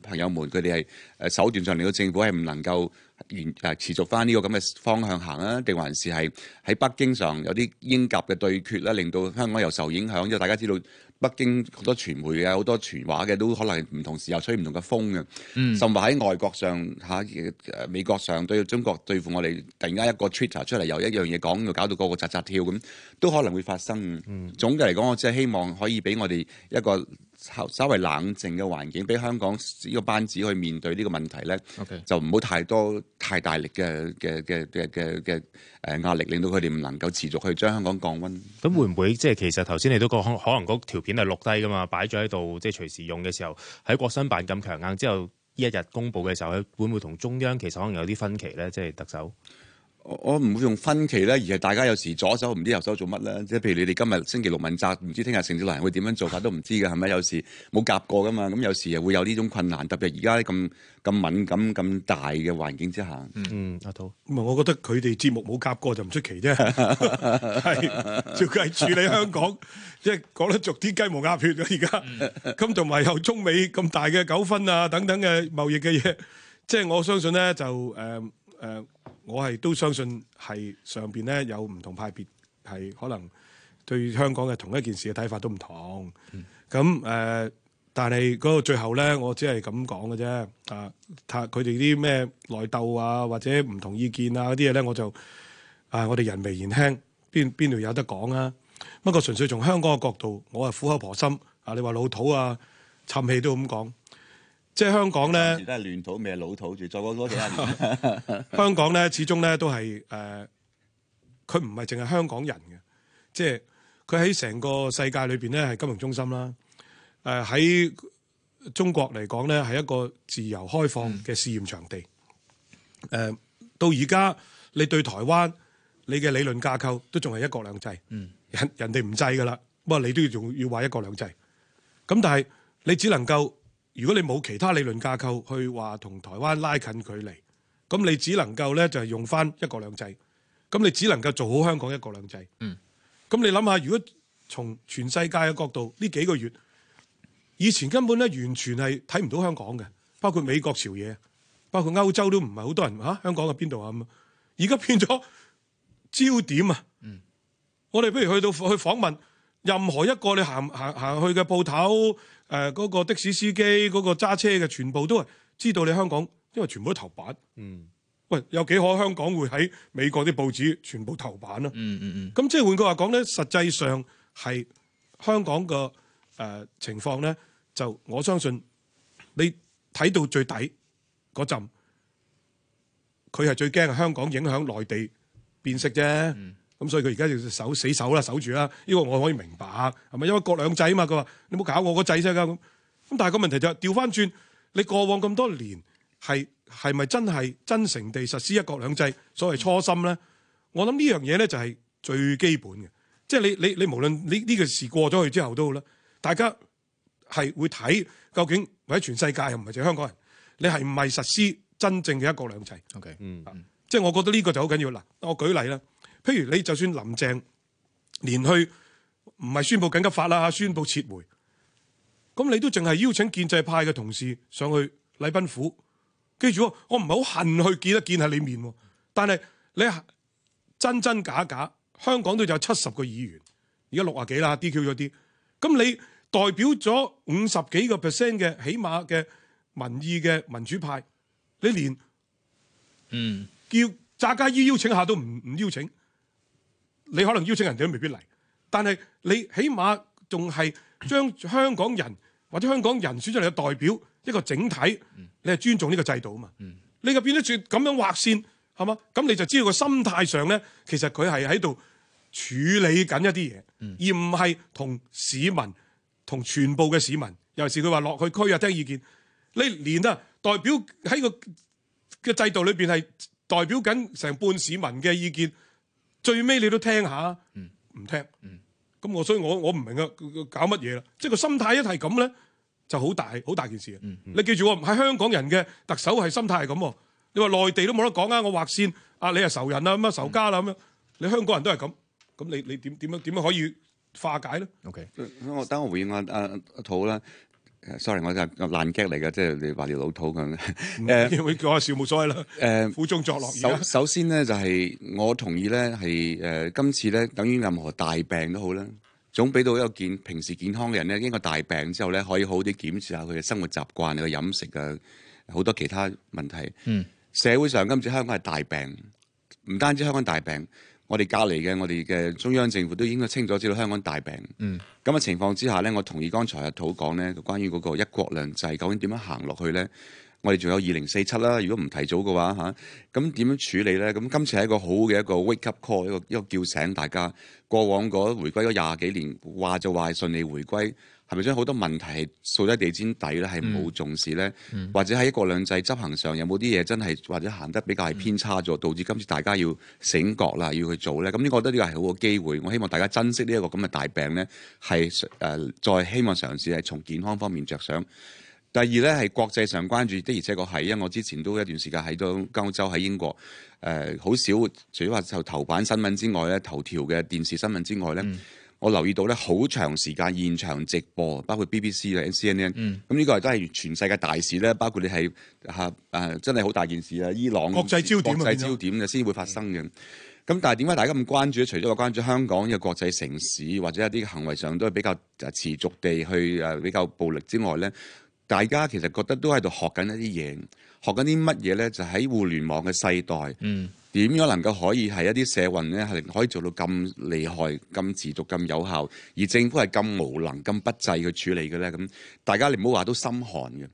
Speaker 8: 朋友們，佢哋係手段上令到政府係唔能夠。完誒，持續翻呢個咁嘅方向行啊，定還是係喺北京上有啲鷹鴿嘅對決咧，令到香港又受影響。因為大家知道北京好多傳媒啊，好、嗯、多傳話嘅都可能唔同時候吹唔同嘅風嘅。嗯，甚至喺外國上嚇誒、啊、美國上對中國對付我哋，突然間一個 Twitter 出嚟，又一樣嘢講就搞到個個扎扎跳咁，都可能會發生。嗯，總嘅嚟講，我真係希望可以俾我哋一個。稍稍微冷靜嘅環境，俾香港呢個班子去面對呢個問題咧，Okay 就唔好太多太大力嘅嘅嘅嘅嘅嘅誒壓力，令到佢哋唔能夠持續去將香港降溫。咁、
Speaker 7: 嗯、會唔會即係、就是、其實頭先你都講可能嗰條片係錄低㗎嘛，擺咗喺度，即、就、係、是、隨時用嘅時候，喺國新辦咁強硬之後，呢一日公佈嘅時候，會唔會同中央其實可能有啲分歧咧？即、
Speaker 8: 就、係、是、特首。我唔會用分歧咧，而係大家有時左手唔知右手做乜啦。即係譬如你哋今日星期六問責，唔知聽日城市論壇會點樣做法都唔知嘅，係咪？有時冇夾過噶嘛。咁有時又會有呢種困難，特別而家咁咁敏感、咁大嘅環境之下。嗯，
Speaker 5: 阿涂，唔係，我覺得佢哋節目冇夾過就唔出奇啫。係照計處理香港，即係 講得俗啲，雞毛鴨血啦。而家咁，同埋有中美咁大嘅糾紛啊，等等嘅貿易嘅嘢，即係我相信咧，就誒誒。呃呃我係都相信係上邊咧有唔同派別，係可能對香港嘅同一件事嘅睇法都唔同。咁誒、嗯呃，但係嗰個最後咧，我只係咁講嘅啫。啊，佢哋啲咩內鬥啊，或者唔同意見啊嗰啲嘢咧，我就啊，我哋人微言輕，邊邊度有得講啊？不過純粹從香港嘅角度，我係苦口婆心。啊，你話老土啊、沉氣都咁
Speaker 8: 講。即係香港咧，都係亂土，未係老土住。再講多幾十年，香
Speaker 5: 港咧始終咧都係誒，佢唔係淨係香港人嘅，即係佢喺成個世界裏邊咧係金融中心啦。誒喺中國嚟講咧係一個自由開放嘅試驗場地。誒到而家你對台灣你嘅理論架構都仲係一國兩制，人人哋唔制㗎啦，不過你都要仲要話一國兩制。咁但係你只能夠。如果你冇其他理論架構去話同台灣拉近距離，咁你只能夠呢就係用翻一國兩制，咁你只能夠做好香港一國兩制。嗯，咁你諗下，如果從全世界嘅角度呢幾個月，以前根本呢完全係睇唔到香港嘅，包括美國朝野，包括歐洲都唔係好多人嚇、啊、香港喺邊度啊咁，而家變咗焦點啊。嗯、我哋不如去到去訪問任何一個你行行行去嘅鋪頭。誒嗰、呃那個的士司機、嗰、那個揸車嘅，全部都係知道你香港，因為全部都頭版。嗯，嗯，
Speaker 9: 嗯
Speaker 5: 嗯、喂，有幾可香港會喺美國啲報紙全部頭版？嗯嗯嗯。咁即係換句話講咧，實際上係香港個、呃、情況咧，就我相信你睇到最底嗰陣，佢係最驚香港影響內地變色啫。嗯嗯咁所以佢而家就守死守啦，守住啦。呢個我可以明白，係咪因為一國兩制啊嘛？佢話你冇搞我個制啫㗎咁。咁但係個問題就係調翻轉，你過往咁多年係係咪真係真誠地實施一國兩制所謂初心咧？我諗呢樣嘢咧就係最基本嘅，即係你你你，你無論呢呢個事過咗去之後都好啦，大家係會睇究竟或者全世界又唔係就香港人，你係唔係實施真正嘅一國兩制？OK，嗯，即係我覺得呢個就好緊要嗱。我舉例啦。譬如你就算林鄭連去唔係宣布緊急法啦，宣布撤回，咁你都淨係邀請建制派嘅同事上去禮賓府，記住我唔係好恨去見得見喺你面，但係你真真假假，香港都有七十個議員，而家六啊幾啦，DQ 咗啲，咁你代表咗五十幾個 percent 嘅起碼嘅民意嘅民主派，你連嗯叫詐假意邀請下都唔唔邀請。你可能邀請人哋都未必嚟，但係你起碼仲係將香港人或者香港人選出嚟嘅代表一個整體，你係尊重呢個制度啊嘛。你就變得住咁樣劃線係嘛？咁你就知道個心態上咧，其實佢係喺度處理緊一啲嘢，而唔係同市民同全部嘅市民。尤其是佢話落去區啊聽意見，你連啊代表喺個嘅制度裏邊係代表緊成半市民嘅意見。最尾你都聽下，嗯唔聽嗯咁我所以我我唔明啊，搞乜嘢啦？即係個心態一係咁咧，就好大好大件事啊！嗯嗯、你記住喎，喺香港人嘅特首係心態係咁喎，你話內地都冇得講啊！我劃線，啊你係仇人啦，咁啊仇家啦咁樣，嗯、你香港人都係咁，咁你你點點樣點樣可以化解咧？O K，
Speaker 8: 我等我回應阿阿阿涂啦。啊啊啊 sorry，我就爛劇嚟㗎，即係你話你老土咁。誒、嗯， 嗯、
Speaker 5: 會講下笑冇所謂啦。
Speaker 8: 誒、嗯，苦中作樂而家，首先咧就係我同意咧，係、呃、誒今次咧，等於任何大病都好啦，總俾到一個健平時健康嘅人咧，經過大病之後咧，可以好啲檢視下佢嘅生活習慣、佢嘅飲食呀，好多其他問題。嗯，社會上今次香港係大病，唔單止香港大病。我哋隔離嘅，我哋嘅中央政府都應該清楚知道香港大病。咁嘅、嗯、情況之下咧，我同意剛才阿涂講咧，就關於嗰個一國兩制究竟點樣行落去咧？我哋仲有二零四七啦，如果唔提早嘅話吓，咁點樣處理咧？咁今次係一個好嘅一個 wake up call，一個一個叫醒大家。過往嗰回歸咗廿幾年話就話順利回歸。係咪將好多問題係掃低地氈底咧？係冇重視咧？嗯嗯、或者喺一國兩制執行上有冇啲嘢真係或者行得比較係偏差咗，嗯、導致今次大家要醒覺啦，要去做咧？咁呢個我覺得呢個係好嘅機會。我希望大家珍惜呢一個咁嘅大病咧，係誒、呃、再希望嘗試係從健康方面着想。第二咧係國際上關注的是，而且確係因為我之前都一段時間喺到歐洲喺英國誒，好、呃、少除咗話就頭版新聞之外咧，頭條嘅電視新聞之外咧。嗯我留意到咧，好長時間現場直播，包括 BBC 同 C N N、嗯。咁呢個都係全世界大事咧，包括你係嚇誒，真係好大件事啊！伊朗國際焦點啊，國際焦點嘅先會發生嘅。咁、嗯、但係點解大家咁關注？除咗話關注香港呢個國際城市，或者一啲行為上都係比較持續地去誒比較暴力之外咧，大家其實覺得都喺度學緊一啲嘢，學緊啲乜嘢咧？就喺、是、互聯網嘅世代。嗯點樣能夠可以係一啲社運咧係可以做到咁厲害、咁持續、咁有效，而政府係咁無能、咁不濟去處理嘅咧？咁大家你唔好話都心寒嘅。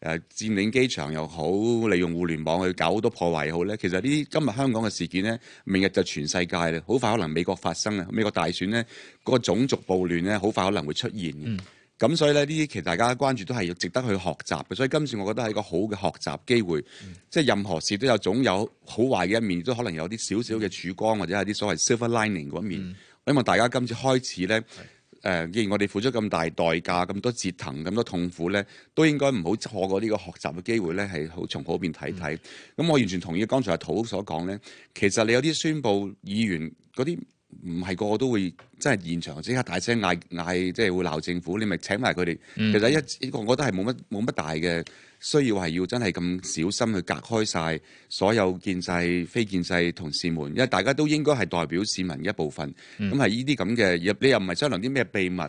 Speaker 8: 誒，佔領機場又好，利用互聯網去搞好多破壞又好咧。其實呢啲今日香港嘅事件咧，明日就全世界咧，好快可能美國發生啊！美國大選咧，嗰個種族暴亂咧，好快可能會出現嘅。嗯咁所以咧，呢啲其實大家關注都係要值得去學習嘅，所以今次我覺得係一個好嘅學習機會。嗯、即係任何事都有總有好壞嘅一面，都可能有啲少少嘅曙光，或者係啲所謂 silver lining 嗰一面。嗯、我希望大家今次開始咧，誒是的、呃，既然我哋付出咁大代價、咁多折騰、咁多痛苦咧，都應該唔好錯過呢個學習嘅機會咧，係好從好邊睇睇。咁、嗯、我完全同意剛才阿涂所講咧，其實你有啲宣佈議員嗰啲唔係個個都會。真係現場即刻大聲嗌嗌，即係會鬧政府，你咪請埋佢哋。嗯、其實一呢個，我覺得係冇乜冇乜大嘅需要係要真係咁小心去隔開晒所有建制、非建制同事們，因為大家都應該係代表市民嘅一部分。咁係呢啲咁嘅，你又唔係商量啲咩秘密？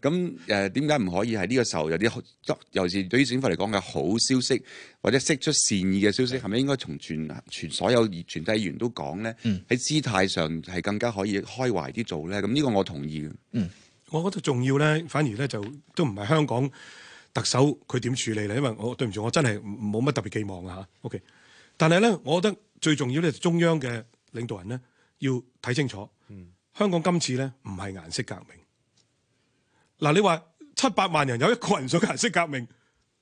Speaker 8: 咁誒，點解唔可以係呢個時候有啲尤其是對於政府嚟講嘅好消息，或者釋出善意嘅消息，係咪是的 應該從全全所有全體議員都講咧？喺姿態上係更加可以開懷啲做咧。咁呢個。我同意嘅，嗯，
Speaker 5: 我覺得重要咧，反而咧就都唔係香港特首佢點處理啦，因為我對唔住，我真係冇乜特別寄望啊吓，OK。但係咧，我覺得最重要咧，中央嘅領導人咧要睇清楚，嗯，香港今次咧唔係顏色革命。嗱，你話七百萬人有一個人想顏色革命，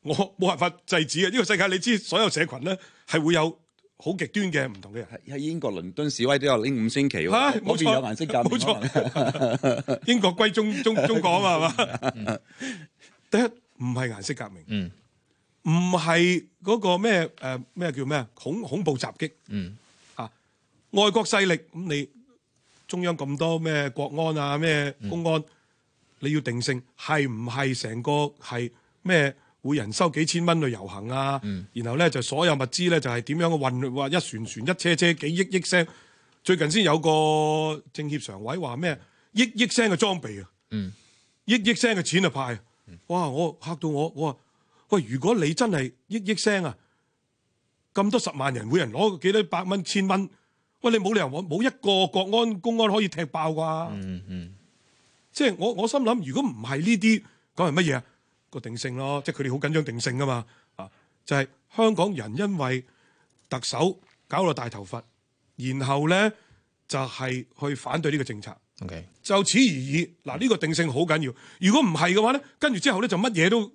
Speaker 5: 我冇辦法制止嘅。呢個世界你知，所有社群咧係會有。好極端嘅唔
Speaker 8: 同嘅人，喺英國倫敦示威都有拎五星旗喎，冇錯、啊、邊有顏色革命？英國歸中中中國啊嘛，係嘛、 嗯？
Speaker 5: 第一
Speaker 8: 唔係顏色革命，
Speaker 5: 嗯，唔係嗰個咩誒咩叫咩恐恐怖襲擊，嗯啊，外國勢力，咁你中央咁多咩國安啊咩公安，嗯、你要定性係唔係成個係咩？每人收幾千蚊去遊行啊，嗯、然後咧就所有物資咧就係、是、點樣嘅運？話一船船、一車車幾億億聲，最近先有個政協常委話咩？億億聲嘅裝備啊，
Speaker 9: 嗯、
Speaker 5: 億億聲嘅錢就派啊派，嗯、哇！我嚇到我，我話喂，如果你真係億億聲啊，咁多十萬人每人攞幾多百蚊、千蚊，喂你冇理由冇一個國安、公安可以踢爆啩、啊？嗯，嗯嗯，即係我我心諗，如果唔係呢啲，講係乜嘢？個定性咯，即係佢哋好緊張定性噶嘛，啊，就係、是、香港人因為特首搞到大頭佛，然後咧就係、是、去反對呢個政策，OK，就此而已。嗱，呢個定性好緊要，如果唔係嘅話咧，跟住之後咧就乜嘢都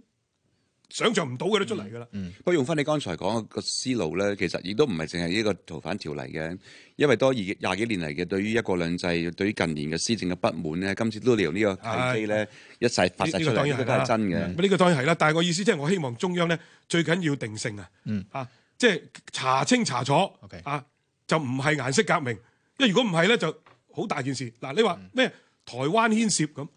Speaker 5: 想像唔到嘅都出嚟噶啦，嗯、
Speaker 8: 不過用翻你剛才講個思路咧，其實亦都唔係淨係呢個逃犯條例嘅，因為多二廿幾年嚟嘅對於一國兩制、對於近年嘅施政嘅不滿咧，今次都利用呢個契機咧、哎、一齊發曬出嚟，都係真嘅。呢、呢個
Speaker 5: 當然係啦、啊呢個，但係我的意思即係我希望中央咧最緊要定性、嗯、啊，啊即係查清查楚 okay 啊，就唔係顏色革命，因為如果唔係咧就好大件事。嗱、啊，你話咩台灣牽涉咁？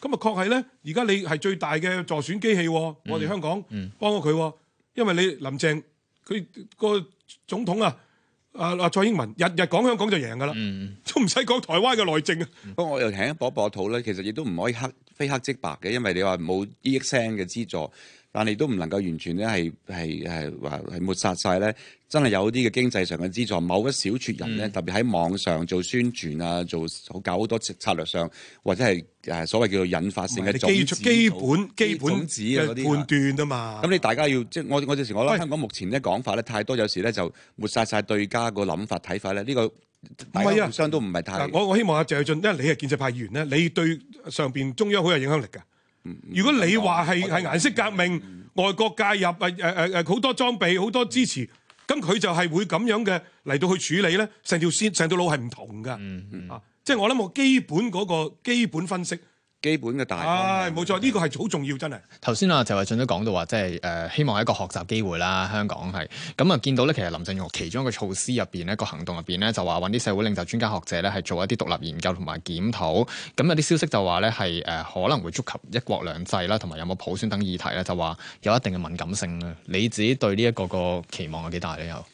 Speaker 5: 咁啊，確係咧！而家你係最大嘅助選機器、哦，嗯、我哋香港幫到佢、哦，嗯、因為你林鄭佢個總統啊，啊蔡英文日日講香港就贏㗎喇，嗯、
Speaker 8: 都唔使講台灣嘅內政啊、嗯。不過我又聽一波博土咧，其實亦都唔可以黑非黑即白嘅，因為你話冇呢億聲嘅資助。但你都唔能夠完全咧，係係係話係抹殺晒，咧。真係有啲嘅經濟上嘅資助，某一小撮人咧，嗯、特別喺網上做宣傳啊，做好搞好多策略上，或者係誒所謂叫做引發性嘅種子基本
Speaker 5: 種子基本嘅判斷啊嘛。
Speaker 8: 咁你大家要即係我我有時我覺得香港目前咧講法咧是太多，有時咧就抹殺晒對家的想法、這個諗法睇法咧。呢個唔係啊，互相都唔係太。
Speaker 5: 我我希望阿謝偉俊，因為你係建制派議員咧，你對上邊中央好有影響力㗎。如果你話係係顏色革命、嗯、外國介入、誒誒誒好多裝備、好多支持，咁佢、嗯、就係會咁樣嘅嚟到去處理咧，成條線、成條路係唔同噶，嗯嗯、啊，即、就、係、是、我諗我基本嗰、個基本分析。基本嘅大，唉、哎，冇錯，呢、這個係好重要，真係。頭先啊，就謝偉俊都講到話，即係誒，
Speaker 3: 希望係一個學習機會啦。香港係咁啊，見到咧，其實林鄭月其中一個措施入邊咧，一個行動入邊咧，就話搵啲社會領袖、專家、學者咧，係做一啲獨立研究同埋檢討。咁有啲消息就話咧，係誒，可能會觸及一國兩制啦，同埋有冇普選等議題咧，就話有一定嘅敏感
Speaker 8: 性啊。你自己對呢、這個、一個個期望有幾大咧？有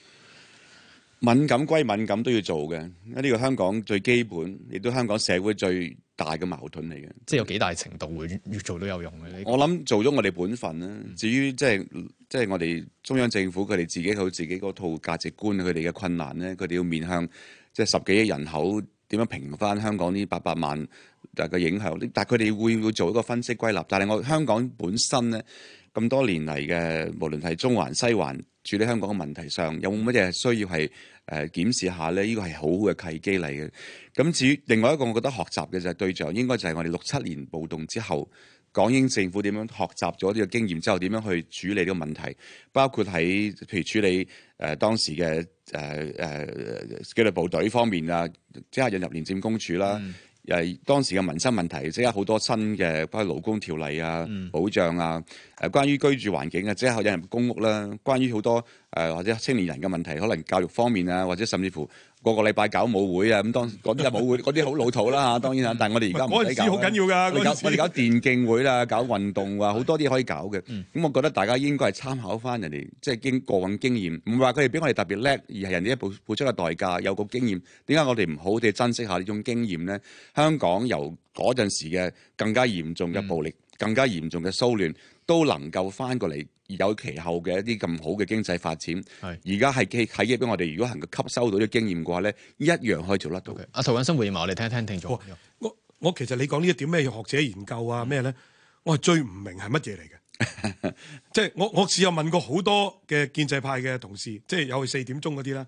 Speaker 8: 敏感歸敏感，都要做嘅。呢個香港最基本，亦都香港社會最。大嘅矛盾嚟嘅，
Speaker 3: 即係有幾大程度會越，越做都有用嘅。我
Speaker 8: 諗做咗我哋本分啦。嗯、至於即係即係我哋中央政府佢哋自己好自己嗰套價值觀佢哋嘅困難咧，佢哋要面向即係十幾億人口點樣平翻香港呢八百萬大嘅影響，但係佢哋會會做一個分析歸納，但係我香港本身咧咁多年嚟嘅，無論係中環西環處理香港嘅問題上，有冇乜嘢需要係。誒檢視下咧，呢個係好好嘅契機嚟嘅。咁至於另外一個，我覺得學習嘅就係對象，應該就係我哋六七年暴動之後，港英政府點樣學習咗呢個經驗之後，點樣去處理呢個問題？包括喺譬如處理誒當時嘅誒誒紀律部隊方面啊，即係引入廉政公署啦，又係、嗯、當時嘅民生問題，即係好多新嘅關於勞工條例啊、嗯、保障啊，誒關於居住環境啊，即係引入公屋啦，關於好多。誒或者青年人嘅問題，可能教育方面啊，或者甚至乎個個禮拜搞舞會啊，咁當嗰啲就舞會，嗰啲好老土啦嚇。當然啦，但係我哋而家唔可以搞好緊 要㗎。我哋搞， 搞電競會啦，搞運動啊，好 多啲可以搞嘅。咁、嗯、我覺得大家應該係參考翻人哋，即係經過往經驗，唔係話佢哋比我哋特別叻，而係人哋一部付出嘅代價，有個經驗。點解我哋唔好好地珍惜下呢種經驗咧？香港由嗰陣時嘅更加嚴重嘅暴力，嗯、更加嚴重嘅騷亂，都能夠翻過嚟。有其後嘅一啲咁好嘅經濟發展，而家係企睇嘅，俾我哋如果能夠吸收到啲經驗嘅話咧，一樣可以做得到嘅。
Speaker 5: 阿涂謹申回應埋我哋聽一聽，聽咗。我我其實你講呢一點咩學者研究啊咩咧，我係最唔明係乜嘢嚟嘅。即係我我試有問過好多嘅建制派嘅同事，即係有去四點鐘嗰啲啦。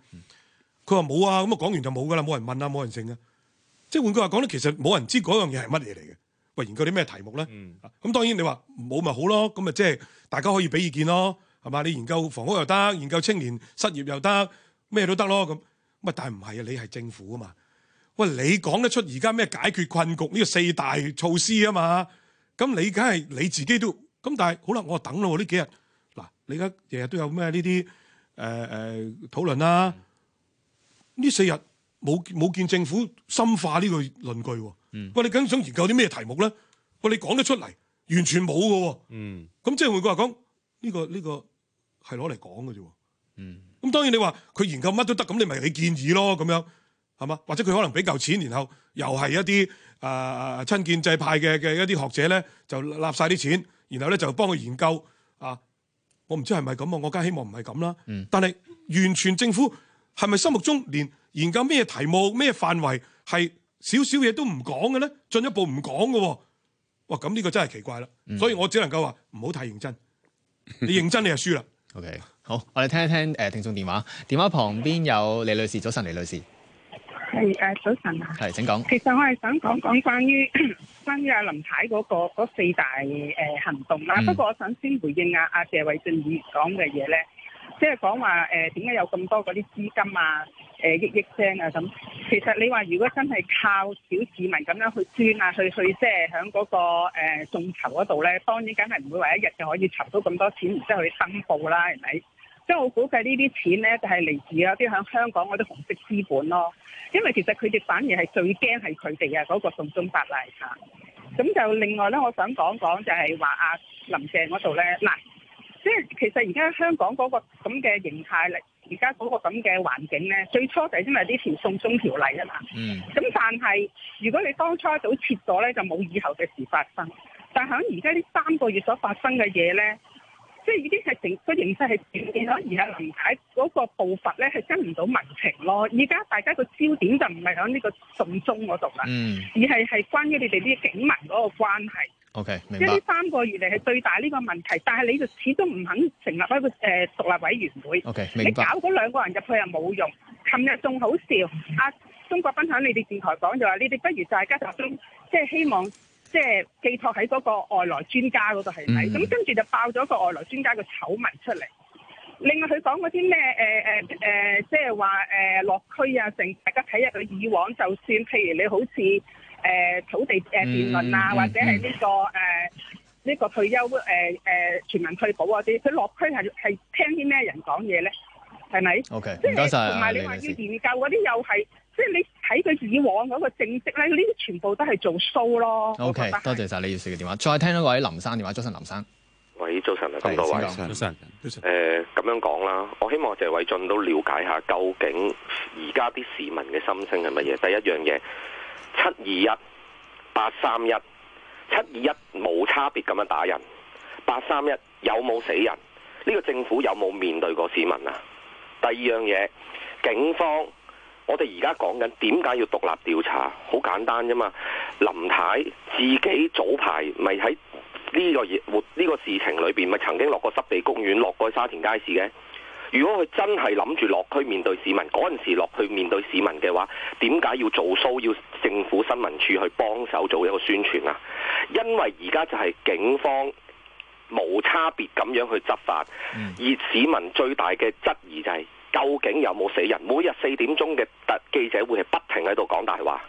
Speaker 5: 佢話冇啊，咁我講完就冇噶啦，冇人問啦，冇人性啊。即係、啊、換句話講咧，其實冇人知嗰樣嘢係乜嘢嚟嘅。喂，研究啲咩題目咧？咁、嗯、當然你話冇咪好咯，咁咪即係大家可以俾意見咯，係嘛？你研究房屋又得，研究青年失業又得，咩都得咯咁。乜但係唔係啊？你係政府啊嘛？喂，你講得出而家咩解決困局呢個四大措施啊嘛？咁你梗係你自己都咁，但係好啦，我等咯喎，呢幾日嗱，你而家日日都有咩呢啲誒誒討論啦、啊？呢、嗯、四日冇冇見政府深化呢個論據喎、啊？喂，嗯、你究竟想研究啲咩題目咧？喂，你講得出嚟，完全冇嘅、哦。嗯，咁即係換句話講，呢、這個呢、這個係攞嚟講嘅啫。嗯，咁當然你話佢研究乜都得，咁你咪你建議咯，咁樣係嘛？或者佢可能俾夠錢，然後又係一啲誒親建制派嘅嘅一啲學者咧，就立晒啲錢，然後咧就幫佢研究啊。我唔知係咪咁啊，我梗係希望唔係咁啦。嗯、但係完全政府係咪心目中連研究咩題目、咩範圍係？少少嘢都唔講嘅咧，進一步唔講嘅喎，哇！咁呢個真係奇怪啦，嗯、所以我只能夠話唔好太認真。你認真
Speaker 3: 你就輸啦。 OK，好，我哋聽一聽誒、呃、聽眾電話。電話旁邊有李女士，早晨，李女
Speaker 4: 士。係誒，早晨啊。係，請講。其實我係想講講關於關於阿林太嗰、那個四大誒、呃、行動啦。嗯、不過我想先回應阿、啊、阿謝偉俊講嘅嘢咧，即係講話誒點解有咁多嗰啲資金啊？誒億、嗯、億聲啊咁，其實你話如果真係靠小市民咁樣去捐啊，去去即係喺嗰個誒、呃、眾籌嗰度咧，當然梗係唔會話一日就可以籌到咁多錢，唔即係去登報啦，係咪？即係我估計這些呢啲錢咧就係、是、嚟自啦啲喺香港嗰啲紅色資本咯，因為其實佢哋反而係最驚係佢哋啊嗰、那個送中法例嚇。咁就另外咧，我想講講就係話阿林鄭嗰度咧嗱。即係其實而家香港嗰個咁嘅形態，嚟而家嗰個咁嘅環境咧，最初就係因為呢條送中條例啊嘛。嗯。咁但係如果你當初一早撤咗咧，就冇以後嘅事發生。但喺而家呢三個月所發生嘅嘢咧，即係已經係成個形勢係轉變咗，而係林太嗰個步伐咧係跟唔到民情咯。而家大家個焦點就唔係喺呢個送中嗰度啦，mm. 而係係關於你哋啲警民嗰個關係。
Speaker 9: O K，明白。即係呢三
Speaker 4: 個月嚟係最大呢個問題，但係你就始終唔肯成立一個誒獨立委員會。O K，明白。你搞嗰兩個人入去又冇用。琴日仲好笑，阿、嗯啊、中國分享你哋電台講就話：你哋不如大家集中，即係希望，即係寄託喺嗰個外來專家嗰度係咪？咁跟住就爆咗個外來專家嘅醜聞出嚟。另外佢講嗰啲咩誒誒誒，即係話誒落區啊，剩大家睇下佢以往，就算譬如你好似。誒土地誒辯論啊，或者係呢個誒呢個退休誒誒全民退保嗰啲，佢落區係係聽啲咩人講嘢咧？係咪？OK，唔該晒。同埋你話要研究嗰啲，又係即係你睇佢以往嗰個政績咧，呢啲全部都係做數咯。OK，多
Speaker 3: 謝晒李耀時嘅電話。再聽一位林生電話，早晨林生，
Speaker 6: 喂，早晨啊，多謝早晨，早晨，誒咁樣講啦。我希望謝偉俊都了解下究竟而家啲市民嘅心聲係乜嘢。第一樣嘢。七二一、八三一、七二一冇差別咁樣打人，八三一有冇死人？呢個政府有冇面對過市民啊？第二樣嘢，警方我哋而家講緊，點解要獨立調查？好簡單啫嘛。林太自己早排咪喺呢個活呢個事情裏邊咪曾經落過濕地公園，落過沙田街市嘅。如果佢真係諗住落去面對市民，嗰陣時落去面對市民嘅話，點解要做 show？要政府新聞處去幫手做一個宣傳啊？因為而家就係警方無差別咁樣去執法，而市民最大嘅質疑就係究竟有冇死人？每日四點鐘嘅特記者會係不停喺度講大話。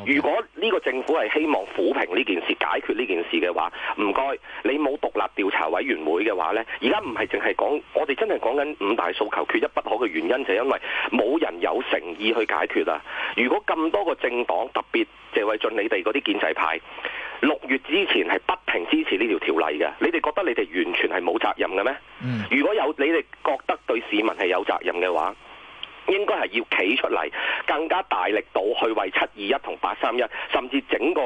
Speaker 6: Okay. 如果呢個政府係希望撫平呢件事，解決呢件事嘅話，唔該，你冇獨立調查委員會嘅話咧，而家唔係淨係講我哋真係講緊五大訴求缺一不可嘅原因，就係因為冇人有誠意去解決啊！如果咁多個政黨特別謝偉俊你哋嗰啲建制派，六月之前係不停支持呢條條例嘅，你哋覺得你哋完全係冇責任嘅咩？Mm. 如果有你哋覺得對市民係有責任嘅話。應該係要企出嚟，更加大力度去為七二一同八三一，甚至整個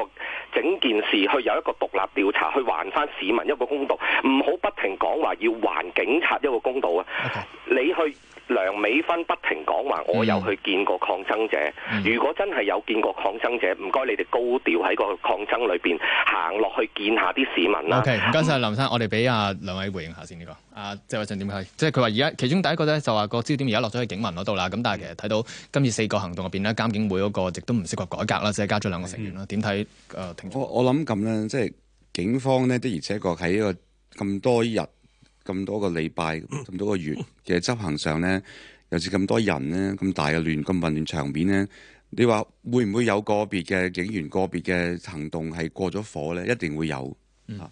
Speaker 6: 整件事去有一個獨立調查，去還翻市民一個公道，唔好不停講話，要還警察一個公道啊！Okay. 你去。梁美芬不停講話，我有去見過抗爭者。嗯、如果真係有見過抗爭者，唔該你哋高調喺個抗爭裏邊行落去見下啲市民啦。O K，多謝
Speaker 3: 林生，嗯、我哋俾阿兩位回應下先、這、呢個。啊，謝偉俊點睇？即係佢話而家其中第一個咧，就話個焦點而家落咗去警民嗰度啦。咁但係其實睇到今次四個行動入邊呢，監警會嗰個亦都唔適合改革啦，即、就、係、是、加咗兩個成員啦。點
Speaker 8: 睇、嗯？誒、呃，我我諗咁咧，即、就、係、是、警方呢，的，而且確喺呢個咁多日。咁多個禮拜，咁多個月嘅執行上咧，尤其咁多人咧，咁大嘅亂，咁混亂場面咧，你話會唔會有個別嘅警員個別嘅行動係過咗火咧？一定會有嚇。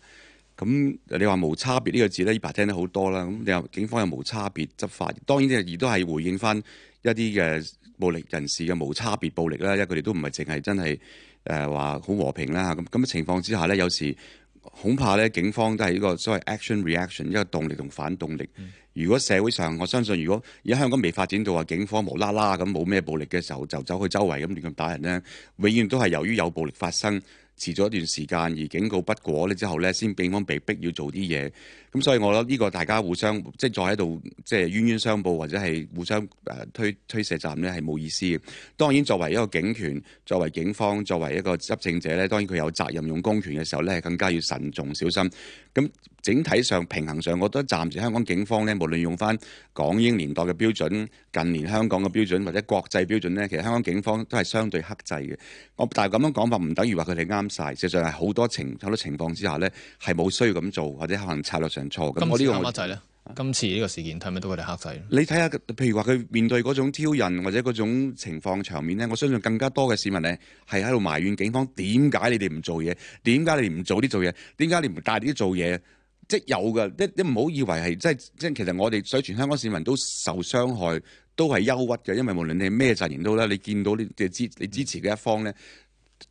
Speaker 8: 咁、嗯、你話無差別呢、這個字咧，依排聽得好多啦。咁你話警方有無差別執法，當然亦都係回應翻一啲嘅暴力人士嘅無差別暴力啦。因為佢哋都唔係淨係真係誒話好和平啦。咁咁嘅情況之下咧，有時。恐怕咧，警方都係一個所謂 action reaction 一個動力同反動力。如果社會上，我相信如果而家香港未發展到話，警方無啦啦咁冇咩暴力嘅時候，就走去周圍咁亂咁打人呢，永遠都係由於有暴力發生，遲咗一段時間而警告不果咧之後呢，先警方被迫要做啲嘢。咁所以我覺得呢個大家互相即係坐喺度即係冤冤相報或者係互相誒推推卸責任咧係冇意思嘅。當然作為一個警權作為警方、作為一個執政者咧，當然佢有責任用公權嘅時候咧，更加要慎重小心。咁整體上平衡上，我覺得暫時香港警方咧，無論用翻港英年代嘅標準，近年香港嘅標準或者國際標準咧，其實香港警方都係相對克制嘅。我但係咁樣講法唔等於話佢哋啱晒，實際上係好多情好多情況之下咧係冇需要咁做，或者可能策略上。錯咁，我呢個黑仔咧？
Speaker 3: 今次呢個事件睇咪都佢哋黑仔？
Speaker 8: 啊、你睇下，譬如話佢面對嗰種挑釁或者嗰種情況場面咧，我相信更加多嘅市民咧係喺度埋怨警方，點解你哋唔做嘢？點解你哋唔早啲做嘢？點解你唔大啲做嘢？即有噶，一啲唔好以為係即係即係，其實我哋所全香港市民都受傷害，都係憂鬱嘅。因為無論你咩陣營都好啦，你見到你支你支持嘅一方咧。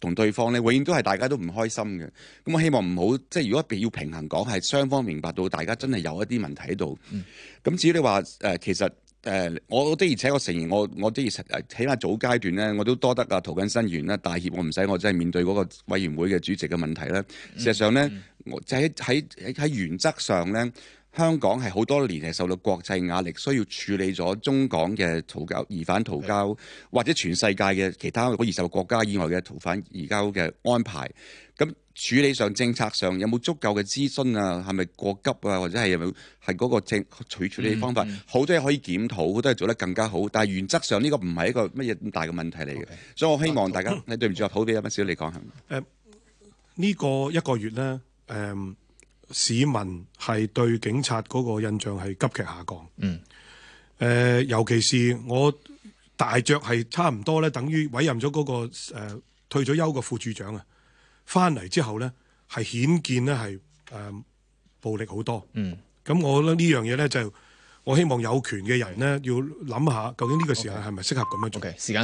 Speaker 8: 同對方咧，永遠都係大家都唔開心嘅。咁我希望唔好，即係如果要平衡講，係雙方明白到大家真係有一啲問題喺度。咁至於你話、呃、其實、呃、我的而且我承認，我我的而且起碼早階段咧，我都多得啊，涂謹申啦，大協我唔使，我真係面對嗰個委員會嘅主席嘅問題啦。事實上咧，嗯嗯嗯我就喺喺喺原則上咧。香港係好多年係受到國際壓力，需要處理咗中港嘅逃交、疑犯逃交，是的 或者全世界嘅其他嗰個易受國家以外嘅逃犯移交嘅安排。咁處理上、政策上有冇足夠嘅諮詢啊？係咪過急啊？或者係有冇係嗰個政取處理方法，好、嗯嗯、多嘢可以檢討，好多係做得更加好。但係原則上呢個唔係一個乜嘢咁大嘅問題嚟嘅，Okay. 所以我希望大家 你對唔住啊，好俾有乜少你講下。誒呢、
Speaker 5: 呃呢個一個月咧，誒、呃。市民係對警察個印象係急劇下降。嗯。誒、呃、尤其是我大着係差唔多咧，等於委任咗、嗰個誒、呃、退咗休嘅副處長啊，翻嚟之後咧係顯見咧係誒暴力好多。嗯。咁我覺得呢樣嘢咧就是、我希望有權嘅人咧要諗下，究竟呢個時候係咪適合咁樣做？Okay. Okay. 時間。